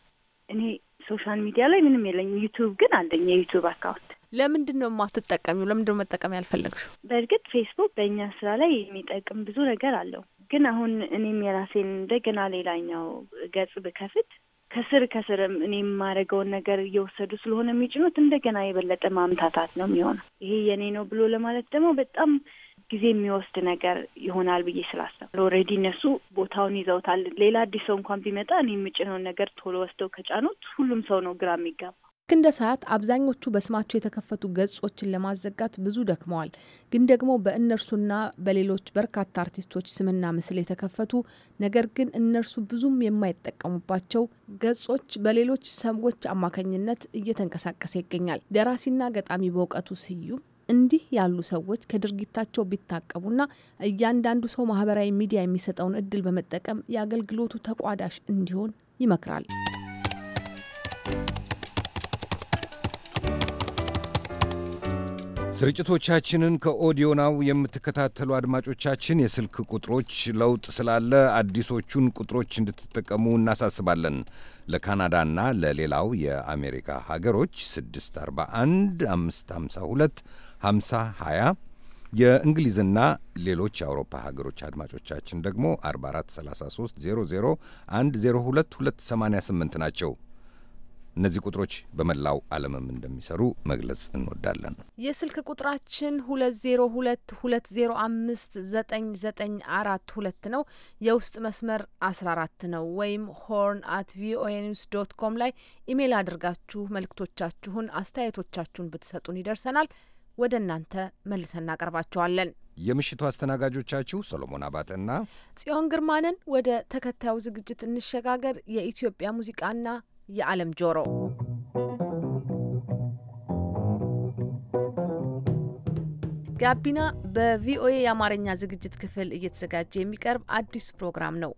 እኔ ሶሻል ሚዲያ ላይ ምንም የለኝም። ዩቱብ ግን አለኝ የዩቱብ አካውንት። ለምንድን ነው የማትጠቀሚው? ለምንድን ነው መጠቀም ያልፈለግሽው? በእርግጥ ፌስቡክ በእኛ ስራ ላይ የሚጠቅም ብዙ ነገር አለው። ግን አሁን እኔም የራሴን እንደገና ሌላኛው ገጽ ብከፍት ከስር ከስር እኔ የማደርገውን ነገር እየወሰዱ ስለሆነ የሚጭኑት እንደገና የበለጠ ማምታታት ነው የሚሆነው። ይሄ የእኔ ነው ብሎ ለማለት ደግሞ በጣም ጊዜ የሚወስድ ነገር ይሆናል ብዬ ስላሰብ ኦልሬዲ እነሱ ቦታውን ይዘውታል። ሌላ አዲስ ሰው እንኳን ቢመጣ እኔ የምጭነውን ነገር ቶሎ ወስደው ከጫኑት ሁሉም ሰው ነው ግራ የሚጋባ። ልክ እንደ ሰዓት አብዛኞቹ በስማቸው የተከፈቱ ገጾችን ለማዘጋት ብዙ ደክመዋል። ግን ደግሞ በእነርሱና በሌሎች በርካታ አርቲስቶች ስምና ምስል የተከፈቱ ነገር ግን እነርሱ ብዙም የማይጠቀሙባቸው ገጾች በሌሎች ሰዎች አማካኝነት እየተንቀሳቀሰ ይገኛል። ደራሲና ገጣሚ በእውቀቱ ስዩም እንዲህ ያሉ ሰዎች ከድርጊታቸው ቢታቀቡና እያንዳንዱ ሰው ማህበራዊ ሚዲያ የሚሰጠውን እድል በመጠቀም የአገልግሎቱ ተቋዳሽ እንዲሆን ይመክራል። ስርጭቶቻችንን ከኦዲዮ ናው የምትከታተሉ አድማጮቻችን የስልክ ቁጥሮች ለውጥ ስላለ አዲሶቹን ቁጥሮች እንድትጠቀሙ እናሳስባለን። ለካናዳና ለሌላው የአሜሪካ ሀገሮች 641 552 የእንግሊዝና ሌሎች የአውሮፓ ሀገሮች አድማጮቻችን ደግሞ 4433 00 102 288 ናቸው። እነዚህ ቁጥሮች በመላው ዓለምም እንደሚሰሩ መግለጽ እንወዳለን። የስልክ ቁጥራችን 2022059942 ነው። የውስጥ መስመር 14 ነው። ወይም ሆርን አት ቪኦኤ ኒውስ ዶት ኮም ላይ ኢሜይል አድርጋችሁ መልእክቶቻችሁን፣ አስተያየቶቻችሁን ብትሰጡን ይደርሰናል። ወደ እናንተ መልሰን እናቀርባችኋለን። የምሽቱ አስተናጋጆቻችሁ ሰሎሞን አባተና ጽዮን ግርማንን። ወደ ተከታዩ ዝግጅት እንሸጋገር። የኢትዮጵያ ሙዚቃና የዓለም ጆሮ ጋቢና በቪኦኤ የአማርኛ ዝግጅት ክፍል እየተዘጋጀ የሚቀርብ አዲስ ፕሮግራም ነው።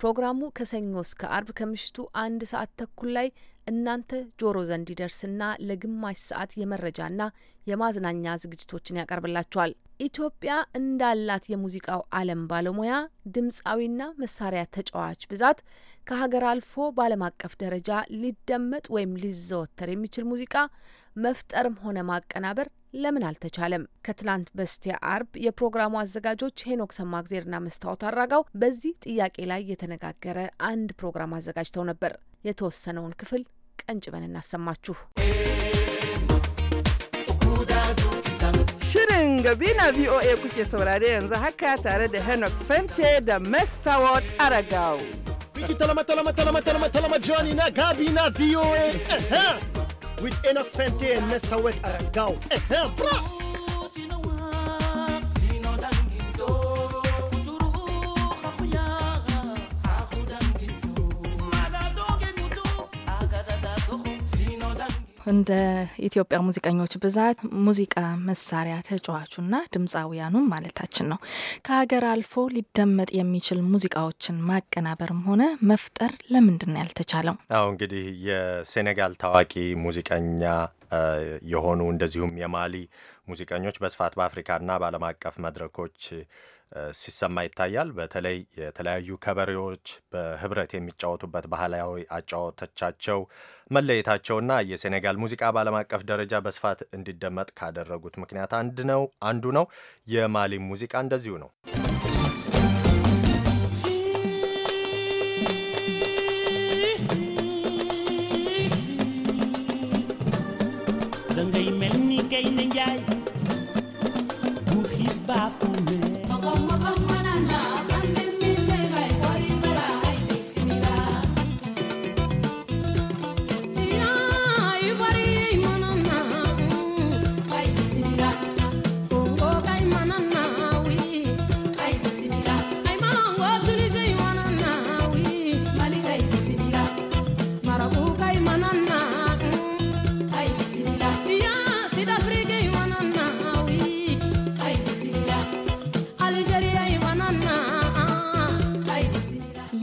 ፕሮግራሙ ከሰኞ እስከ አርብ ከምሽቱ አንድ ሰዓት ተኩል ላይ እናንተ ጆሮ ዘንድ ይደርስና ለግማሽ ሰዓት የመረጃና የማዝናኛ ዝግጅቶችን ያቀርብላችኋል። ኢትዮጵያ እንዳላት የሙዚቃው ዓለም ባለሙያ ድምፃዊና መሳሪያ ተጫዋች ብዛት ከሀገር አልፎ በዓለም አቀፍ ደረጃ ሊደመጥ ወይም ሊዘወተር የሚችል ሙዚቃ መፍጠርም ሆነ ማቀናበር ለምን አልተቻለም? ከትላንት በስቲያ አርብ የፕሮግራሙ አዘጋጆች ሄኖክ ሰማግዜርና መስታወት አራጋው በዚህ ጥያቄ ላይ የተነጋገረ አንድ ፕሮግራም አዘጋጅተው ነበር። የተወሰነውን ክፍል ቀንጭበን እናሰማችሁ። Shirin Gabina VOA kuke saurare yanzu haka tare da Henok Fente da Mr. Ward Aragaw. Wiki talama talama talama talama talama Johnny na Gabina VOA. With Henok Fente and Mr. Ward Aragaw. እንደ ኢትዮጵያ ሙዚቀኞች ብዛት ሙዚቃ መሳሪያ ተጫዋቹና ድምፃውያኑም ማለታችን ነው ከሀገር አልፎ ሊደመጥ የሚችል ሙዚቃዎችን ማቀናበርም ሆነ መፍጠር ለምንድን ነው ያልተቻለው? አዎ እንግዲህ የሴኔጋል ታዋቂ ሙዚቀኛ የሆኑ እንደዚሁም የማሊ ሙዚቀኞች በስፋት በአፍሪካና በዓለም አቀፍ መድረኮች ሲሰማ ይታያል። በተለይ የተለያዩ ከበሬዎች በህብረት የሚጫወቱበት ባህላዊ አጫወቶቻቸው መለየታቸውና የሴኔጋል ሙዚቃ በዓለም አቀፍ ደረጃ በስፋት እንዲደመጥ ካደረጉት ምክንያት አንድ ነው አንዱ ነው። የማሊ ሙዚቃ እንደዚሁ ነው።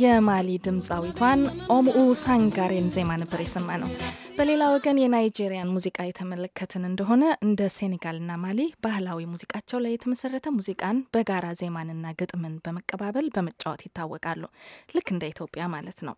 የማሊ ድምፃዊቷን ኦምኡ ሳንጋሬን ዜማ ነበር የሰማ ነው። በሌላ ወገን የናይጄሪያን ሙዚቃ የተመለከትን እንደሆነ እንደ ሴኔጋልና ማሊ ባህላዊ ሙዚቃቸው ላይ የተመሰረተ ሙዚቃን በጋራ ዜማንና ግጥምን በመቀባበል በመጫወት ይታወቃሉ። ልክ እንደ ኢትዮጵያ ማለት ነው።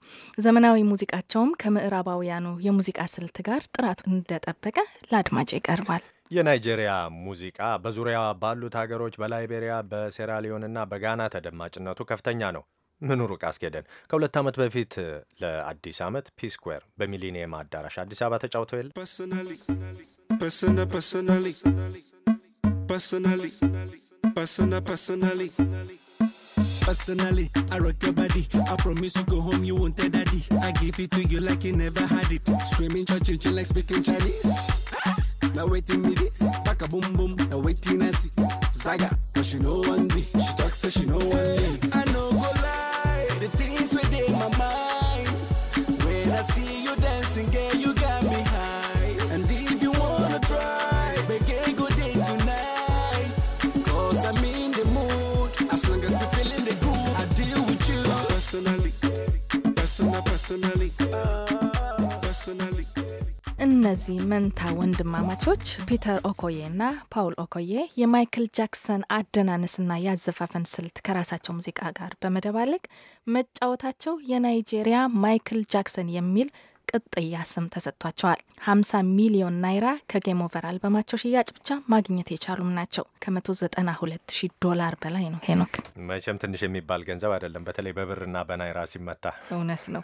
ዘመናዊ ሙዚቃቸውም ከምዕራባውያኑ የሙዚቃ ስልት ጋር ጥራቱ እንደጠበቀ ለአድማጭ ይቀርባል። የናይጄሪያ ሙዚቃ በዙሪያ ባሉት ሀገሮች በላይቤሪያ፣ በሴራሊዮንና በጋና ተደማጭነቱ ከፍተኛ ነው። ምን ሩቅ አስኬደን ከሁለት ዓመት በፊት ለአዲስ ዓመት ፒስኩዌር በሚሊኒየም አዳራሽ አዲስ አበባ ተጫውተው የለ Personally, I rock your body. I promise you go home, you won't tell daddy. I give it to you like you never had it. Screaming church, like speaking Chinese. Now waiting me this, back a boom boom. Now waiting I see. Zaga, but she know one me. She talks, so she know one me. I know. the things within my mind. When I see you dancing, girl, you got me high. And if you wanna try, make a good day tonight. Cause I'm in the mood, as long as you're feeling the groove, I deal with you. Personally, personal, personally. Uh, እነዚህ መንታ ወንድማማቾች ፒተር ኦኮዬ እና ፓውል ኦኮዬ የማይክል ጃክሰን አደናነስና ያዘፋፈን ስልት ከራሳቸው ሙዚቃ ጋር በመደባለቅ መጫወታቸው የናይጄሪያ ማይክል ጃክሰን የሚል ቅጥያ ስም ተሰጥቷቸዋል። 50 ሚሊዮን ናይራ ከጌም ኦቨር አልበማቸው ሽያጭ ብቻ ማግኘት የቻሉም ናቸው። ከ192 ሺህ ዶላር በላይ ነው። ሄኖክ መቼም ትንሽ የሚባል ገንዘብ አይደለም፣ በተለይ በብርና በናይራ ሲመታ እውነት ነው።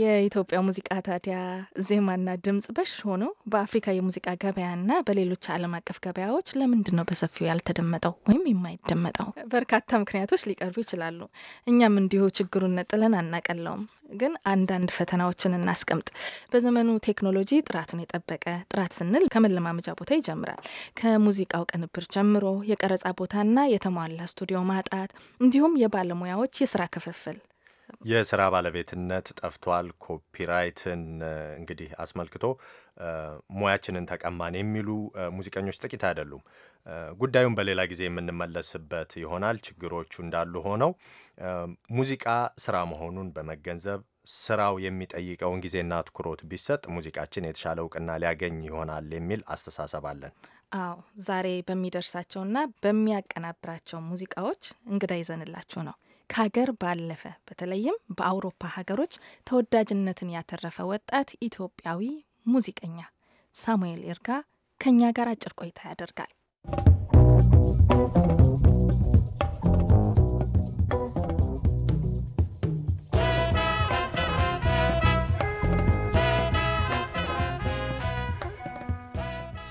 የኢትዮጵያ ሙዚቃ ታዲያ ዜማና ድምጽ በሽ ሆኖ በአፍሪካ የሙዚቃ ገበያና በሌሎች ዓለም አቀፍ ገበያዎች ለምንድን ነው በሰፊው ያልተደመጠው ወይም የማይደመጠው? በርካታ ምክንያቶች ሊቀርቡ ይችላሉ። እኛም እንዲሁ ችግሩን ነጥለን አናቀለውም። ግን አንዳንድ ፈተናዎችን እናስቀምጥ። በዘመኑ ቴክኖሎጂ ጥራ ጥራቱን የጠበቀ ጥራት ስንል ከመለማመጃ ቦታ ይጀምራል። ከሙዚቃው ቅንብር ጀምሮ የቀረጻ ቦታና የተሟላ ስቱዲዮ ማጣት፣ እንዲሁም የባለሙያዎች የስራ ክፍፍል የስራ ባለቤትነት ጠፍቷል። ኮፒራይትን እንግዲህ አስመልክቶ ሙያችንን ተቀማን የሚሉ ሙዚቀኞች ጥቂት አይደሉም። ጉዳዩን በሌላ ጊዜ የምንመለስበት ይሆናል። ችግሮቹ እንዳሉ ሆነው ሙዚቃ ስራ መሆኑን በመገንዘብ ስራው የሚጠይቀውን ጊዜና ትኩሮት ቢሰጥ ሙዚቃችን የተሻለ እውቅና ሊያገኝ ይሆናል የሚል አስተሳሰብ አለን። አዎ ዛሬ በሚደርሳቸውና በሚያቀናብራቸው ሙዚቃዎች እንግዳ ይዘንላችሁ ነው። ከሀገር ባለፈ በተለይም በአውሮፓ ሀገሮች ተወዳጅነትን ያተረፈ ወጣት ኢትዮጵያዊ ሙዚቀኛ ሳሙኤል ይርጋ ከእኛ ጋር አጭር ቆይታ ያደርጋል።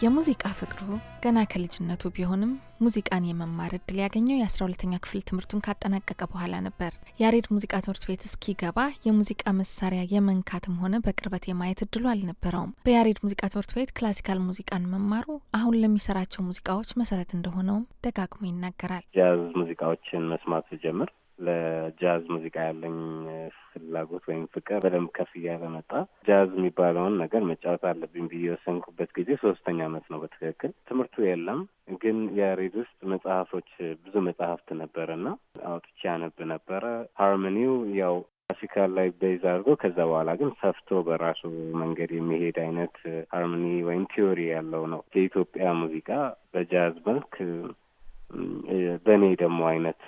የሙዚቃ ፍቅሩ ገና ከልጅነቱ ቢሆንም ሙዚቃን የመማር እድል ያገኘው የ12ተኛ ክፍል ትምህርቱን ካጠናቀቀ በኋላ ነበር። ያሬድ ሙዚቃ ትምህርት ቤት እስኪገባ የሙዚቃ መሳሪያ የመንካትም ሆነ በቅርበት የማየት እድሉ አልነበረውም። በያሬድ ሙዚቃ ትምህርት ቤት ክላሲካል ሙዚቃን መማሩ አሁን ለሚሰራቸው ሙዚቃዎች መሰረት እንደሆነውም ደጋግሞ ይናገራል። ጃዝ ሙዚቃዎችን መስማት ስጀምር ለጃዝ ሙዚቃ ያለኝ ፍላጎት ወይም ፍቅር በደንብ ከፍ እያለ መጣ። ጃዝ የሚባለውን ነገር መጫወት አለብኝ ብዬ የወሰንኩበት ጊዜ ሶስተኛ ዓመት ነው በትክክል ትምህርቱ የለም፣ ግን የሬድ ውስጥ መጽሐፎች ብዙ መጽሐፍት ነበር እና አውጥቼ ያነብ ነበረ። ሃርሞኒው ያው ክላሲካል ላይ ቤዝ አድርጎ ከዛ በኋላ ግን ሰፍቶ በራሱ መንገድ የሚሄድ አይነት ሃርሞኒ ወይም ቲዮሪ ያለው ነው። የኢትዮጵያ ሙዚቃ በጃዝ መልክ በእኔ ደግሞ አይነት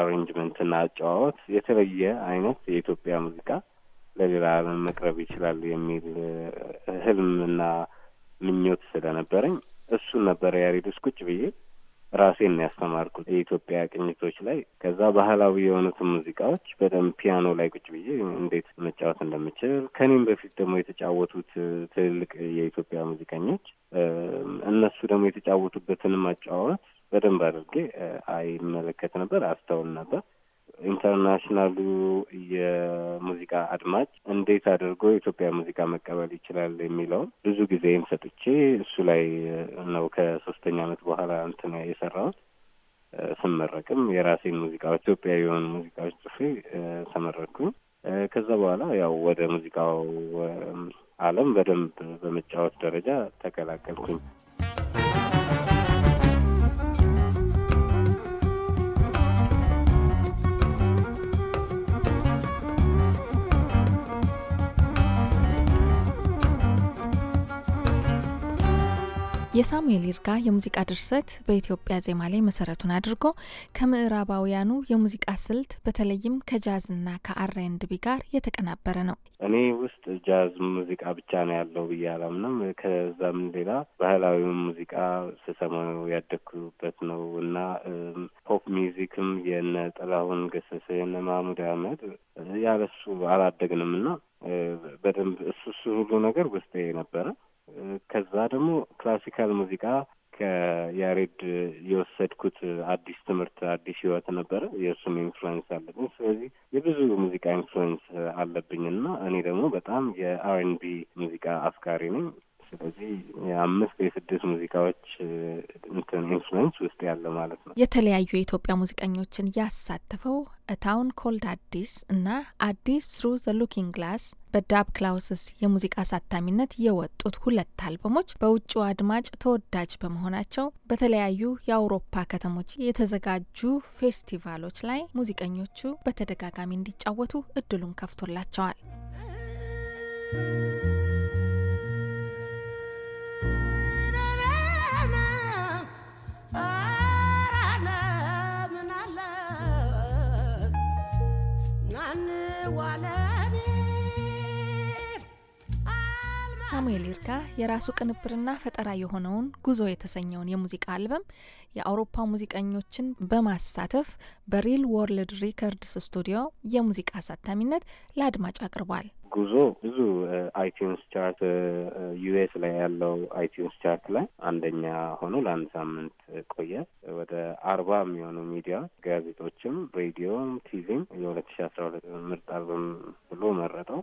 አሬንጅመንትና አጨዋወት የተለየ አይነት የኢትዮጵያ ሙዚቃ ለሌላ ዓለም መቅረብ ይችላል የሚል ህልምና ምኞት ስለነበረኝ እሱን ነበረ ያሬድ ቁጭ ብዬ ራሴን ያስተማርኩት የኢትዮጵያ ቅኝቶች ላይ። ከዛ ባህላዊ የሆኑትን ሙዚቃዎች በደንብ ፒያኖ ላይ ቁጭ ብዬ እንዴት መጫወት እንደምችል ከኔም በፊት ደግሞ የተጫወቱት ትልልቅ የኢትዮጵያ ሙዚቀኞች እነሱ ደግሞ የተጫወቱበትንም አጫዋወት በደንብ አድርጌ አይመለከት ነበር፣ አስተውል ነበር። ኢንተርናሽናሉ የሙዚቃ አድማጭ እንዴት አድርጎ የኢትዮጵያ ሙዚቃ መቀበል ይችላል የሚለውን ብዙ ጊዜም ሰጥቼ እሱ ላይ ነው ከሶስተኛ ዓመት በኋላ እንትን የሰራሁት። ስመረቅም የራሴን ሙዚቃዎች ኢትዮጵያ የሆኑ ሙዚቃዎች ጽፌ ተመረቅኩኝ። ከዛ በኋላ ያው ወደ ሙዚቃው ዓለም በደንብ በመጫወት ደረጃ ተቀላቀልኩኝ። የሳሙኤል ይርጋ የሙዚቃ ድርሰት በኢትዮጵያ ዜማ ላይ መሰረቱን አድርጎ ከምዕራባውያኑ የሙዚቃ ስልት በተለይም ከጃዝና ከአርኤንድቢ ጋር የተቀናበረ ነው። እኔ ውስጥ ጃዝ ሙዚቃ ብቻ ነው ያለው ብዬ አላምንም። ከዛም ሌላ ባህላዊ ሙዚቃ ስሰማው ያደግኩበት ነው እና ፖፕ ሚዚክም የነ ጥላሁን ገሰሰ የነ ማሙድ አህመድ ያለሱ አላደግንም እና በደንብ እሱ እሱ ሁሉ ነገር ውስጤ ነበረ። ከዛ ደግሞ ክላሲካል ሙዚቃ ከያሬድ የወሰድኩት አዲስ ትምህርት አዲስ ህይወት ነበረ። የእሱም ኢንፍሉዌንስ አለብኝ። ስለዚህ የብዙ ሙዚቃ ኢንፍሉዌንስ አለብኝ እና እኔ ደግሞ በጣም የአርኤንቢ ሙዚቃ አፍቃሪ ነኝ። ስለዚህ የአምስት የስድስት ሙዚቃዎች እንትን ኢንፍሉዌንስ ውስጥ ያለ ማለት ነው። የተለያዩ የኢትዮጵያ ሙዚቀኞችን ያሳተፈው እታውን ኮልድ አዲስ እና አዲስ ስሩ ዘ ሉኪንግ ግላስ በዳብ ክላውስስ የሙዚቃ አሳታሚነት የወጡት ሁለት አልበሞች በውጭው አድማጭ ተወዳጅ በመሆናቸው በተለያዩ የአውሮፓ ከተሞች የተዘጋጁ ፌስቲቫሎች ላይ ሙዚቀኞቹ በተደጋጋሚ እንዲጫወቱ እድሉን ከፍቶላቸዋል። ሳሙኤል ይርጋ የራሱ ቅንብርና ፈጠራ የሆነውን ጉዞ የተሰኘውን የሙዚቃ አልበም የአውሮፓ ሙዚቀኞችን በማሳተፍ በሪል ወርልድ ሪከርድስ ስቱዲዮ የሙዚቃ አሳታሚነት ለአድማጭ አቅርቧል። ጉዞ ብዙ አይቲዩንስ ቻርት ዩኤስ ላይ ያለው አይቲዩንስ ቻርት ላይ አንደኛ ሆኖ ለአንድ ሳምንት ቆየ። ወደ አርባ የሚሆኑ ሚዲያ ጋዜጦችም፣ ሬዲዮም፣ ቲቪም የሁለት ሺ አስራ ሁለት ምርጥ አልበም ብሎ መረጠው።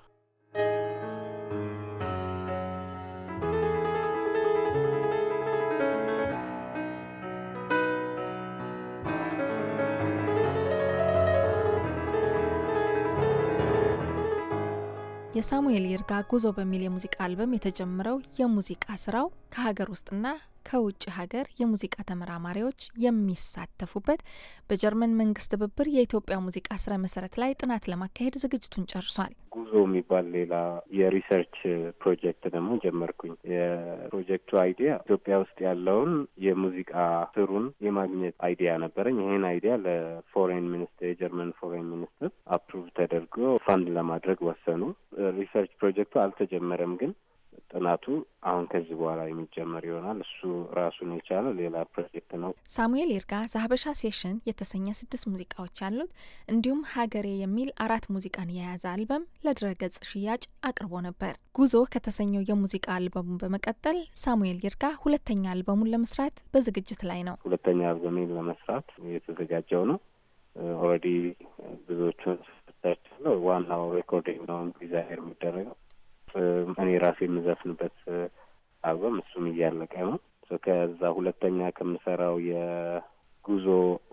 የሳሙኤል ይርጋ ጉዞ በሚል የሙዚቃ አልበም የተጀመረው የሙዚቃ ስራው ከሀገር ውስጥና ከውጭ ሀገር የሙዚቃ ተመራማሪዎች የሚሳተፉበት በጀርመን መንግስት ትብብር የኢትዮጵያ ሙዚቃ ስረ መሰረት ላይ ጥናት ለማካሄድ ዝግጅቱን ጨርሷል። ጉዞ የሚባል ሌላ የሪሰርች ፕሮጀክት ደግሞ ጀመርኩኝ። የፕሮጀክቱ አይዲያ ኢትዮጵያ ውስጥ ያለውን የሙዚቃ ስሩን የማግኘት አይዲያ ነበረኝ። ይህን አይዲያ ለፎሬን ሚኒስትር የጀርመን ፎሬን ሚኒስትር አፕሩቭ ተደርጎ ፋንድ ለማድረግ ወሰኑ። ሪሰርች ፕሮጀክቱ አልተጀመረም ግን ጥናቱ አሁን ከዚህ በኋላ የሚጀመር ይሆናል። እሱ ራሱን የቻለ ሌላ ፕሮጀክት ነው። ሳሙኤል ይርጋ ዛሀበሻ ሴሽን የተሰኘ ስድስት ሙዚቃዎች ያሉት እንዲሁም ሀገሬ የሚል አራት ሙዚቃን የያዘ አልበም ለድረገጽ ሽያጭ አቅርቦ ነበር። ጉዞ ከተሰኘው የሙዚቃ አልበሙን በመቀጠል ሳሙኤል ይርጋ ሁለተኛ አልበሙን ለመስራት በዝግጅት ላይ ነው። ሁለተኛ አልበሜን ለመስራት የተዘጋጀው ነው። ኦልሬዲ ብዙዎቹን ዋናው ሬኮርዲንግ ነው ዲዛይር የሚደረገው እኔ ራሴ የምዘፍንበት አልበም እሱም እያለቀ ነው። ከዛ ሁለተኛ ከምሰራው ጉዞ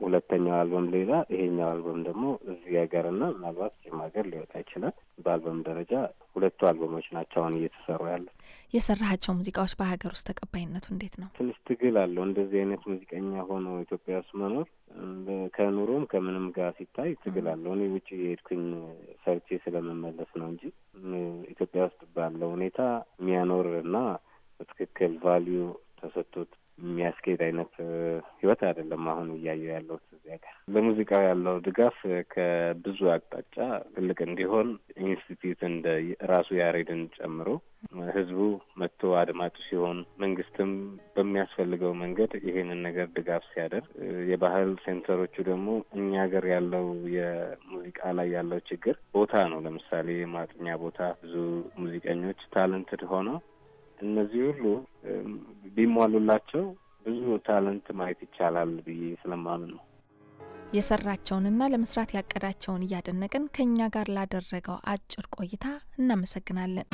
ሁለተኛው አልበም ሌላ ይሄኛው አልበም ደግሞ እዚህ ሀገርና ምናልባት ጭም ሀገር ሊወጣ ይችላል። በአልበም ደረጃ ሁለቱ አልበሞች ናቸው አሁን እየተሰሩ ያሉት። የሰራሃቸው ሙዚቃዎች በሀገር ውስጥ ተቀባይነቱ እንዴት ነው? ትንሽ ትግል አለው። እንደዚህ አይነት ሙዚቀኛ ሆኖ ኢትዮጵያ ውስጥ መኖር ከኑሮም ከምንም ጋር ሲታይ ትግል አለው። እኔ ውጭ የሄድኩኝ ሰርቼ ስለመመለስ ነው እንጂ ኢትዮጵያ ውስጥ ባለው ሁኔታ የሚያኖር እና በትክክል ቫሊዩ ተሰጥቶት የሚያስኬድ አይነት ህይወት አይደለም አሁን እያየ ያለሁት እዚያ ጋር። ለሙዚቃው ያለው ድጋፍ ከብዙ አቅጣጫ ትልቅ እንዲሆን ኢንስቲትዩት እንደ ራሱ ያሬድን ጨምሮ ህዝቡ መጥቶ አድማጭ ሲሆን፣ መንግስትም በሚያስፈልገው መንገድ ይሄንን ነገር ድጋፍ ሲያደርግ፣ የባህል ሴንተሮቹ ደግሞ እኛ ሀገር ያለው የሙዚቃ ላይ ያለው ችግር ቦታ ነው። ለምሳሌ ማጥኛ ቦታ ብዙ ሙዚቀኞች ታለንትድ ሆነው እነዚህ ሁሉ ቢሟሉላቸው ብዙ ታለንት ማየት ይቻላል ብዬ ስለማምን ነው። የሰራቸውንና ለመስራት ያቀዳቸውን እያደነቅን ከእኛ ጋር ላደረገው አጭር ቆይታ እናመሰግናለን።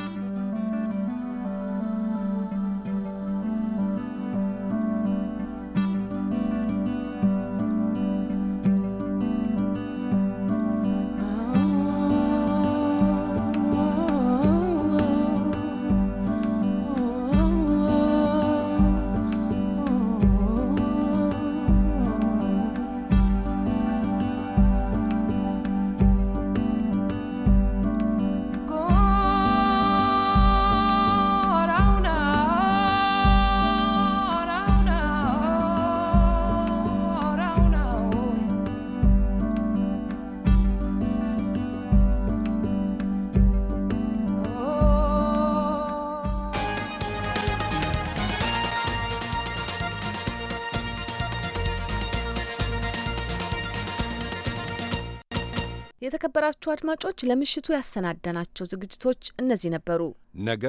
የተከበራችሁ አድማጮች ለምሽቱ ያሰናደናቸው ዝግጅቶች እነዚህ ነበሩ። ነገ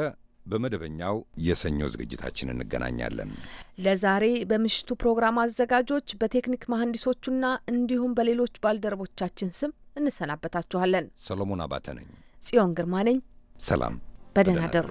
በመደበኛው የሰኞ ዝግጅታችን እንገናኛለን። ለዛሬ በምሽቱ ፕሮግራም አዘጋጆች በቴክኒክ መሐንዲሶቹና እንዲሁም በሌሎች ባልደረቦቻችን ስም እንሰናበታችኋለን። ሰሎሞን አባተ ነኝ። ጽዮን ግርማ ነኝ። ሰላም፣ በደህና ደሩ።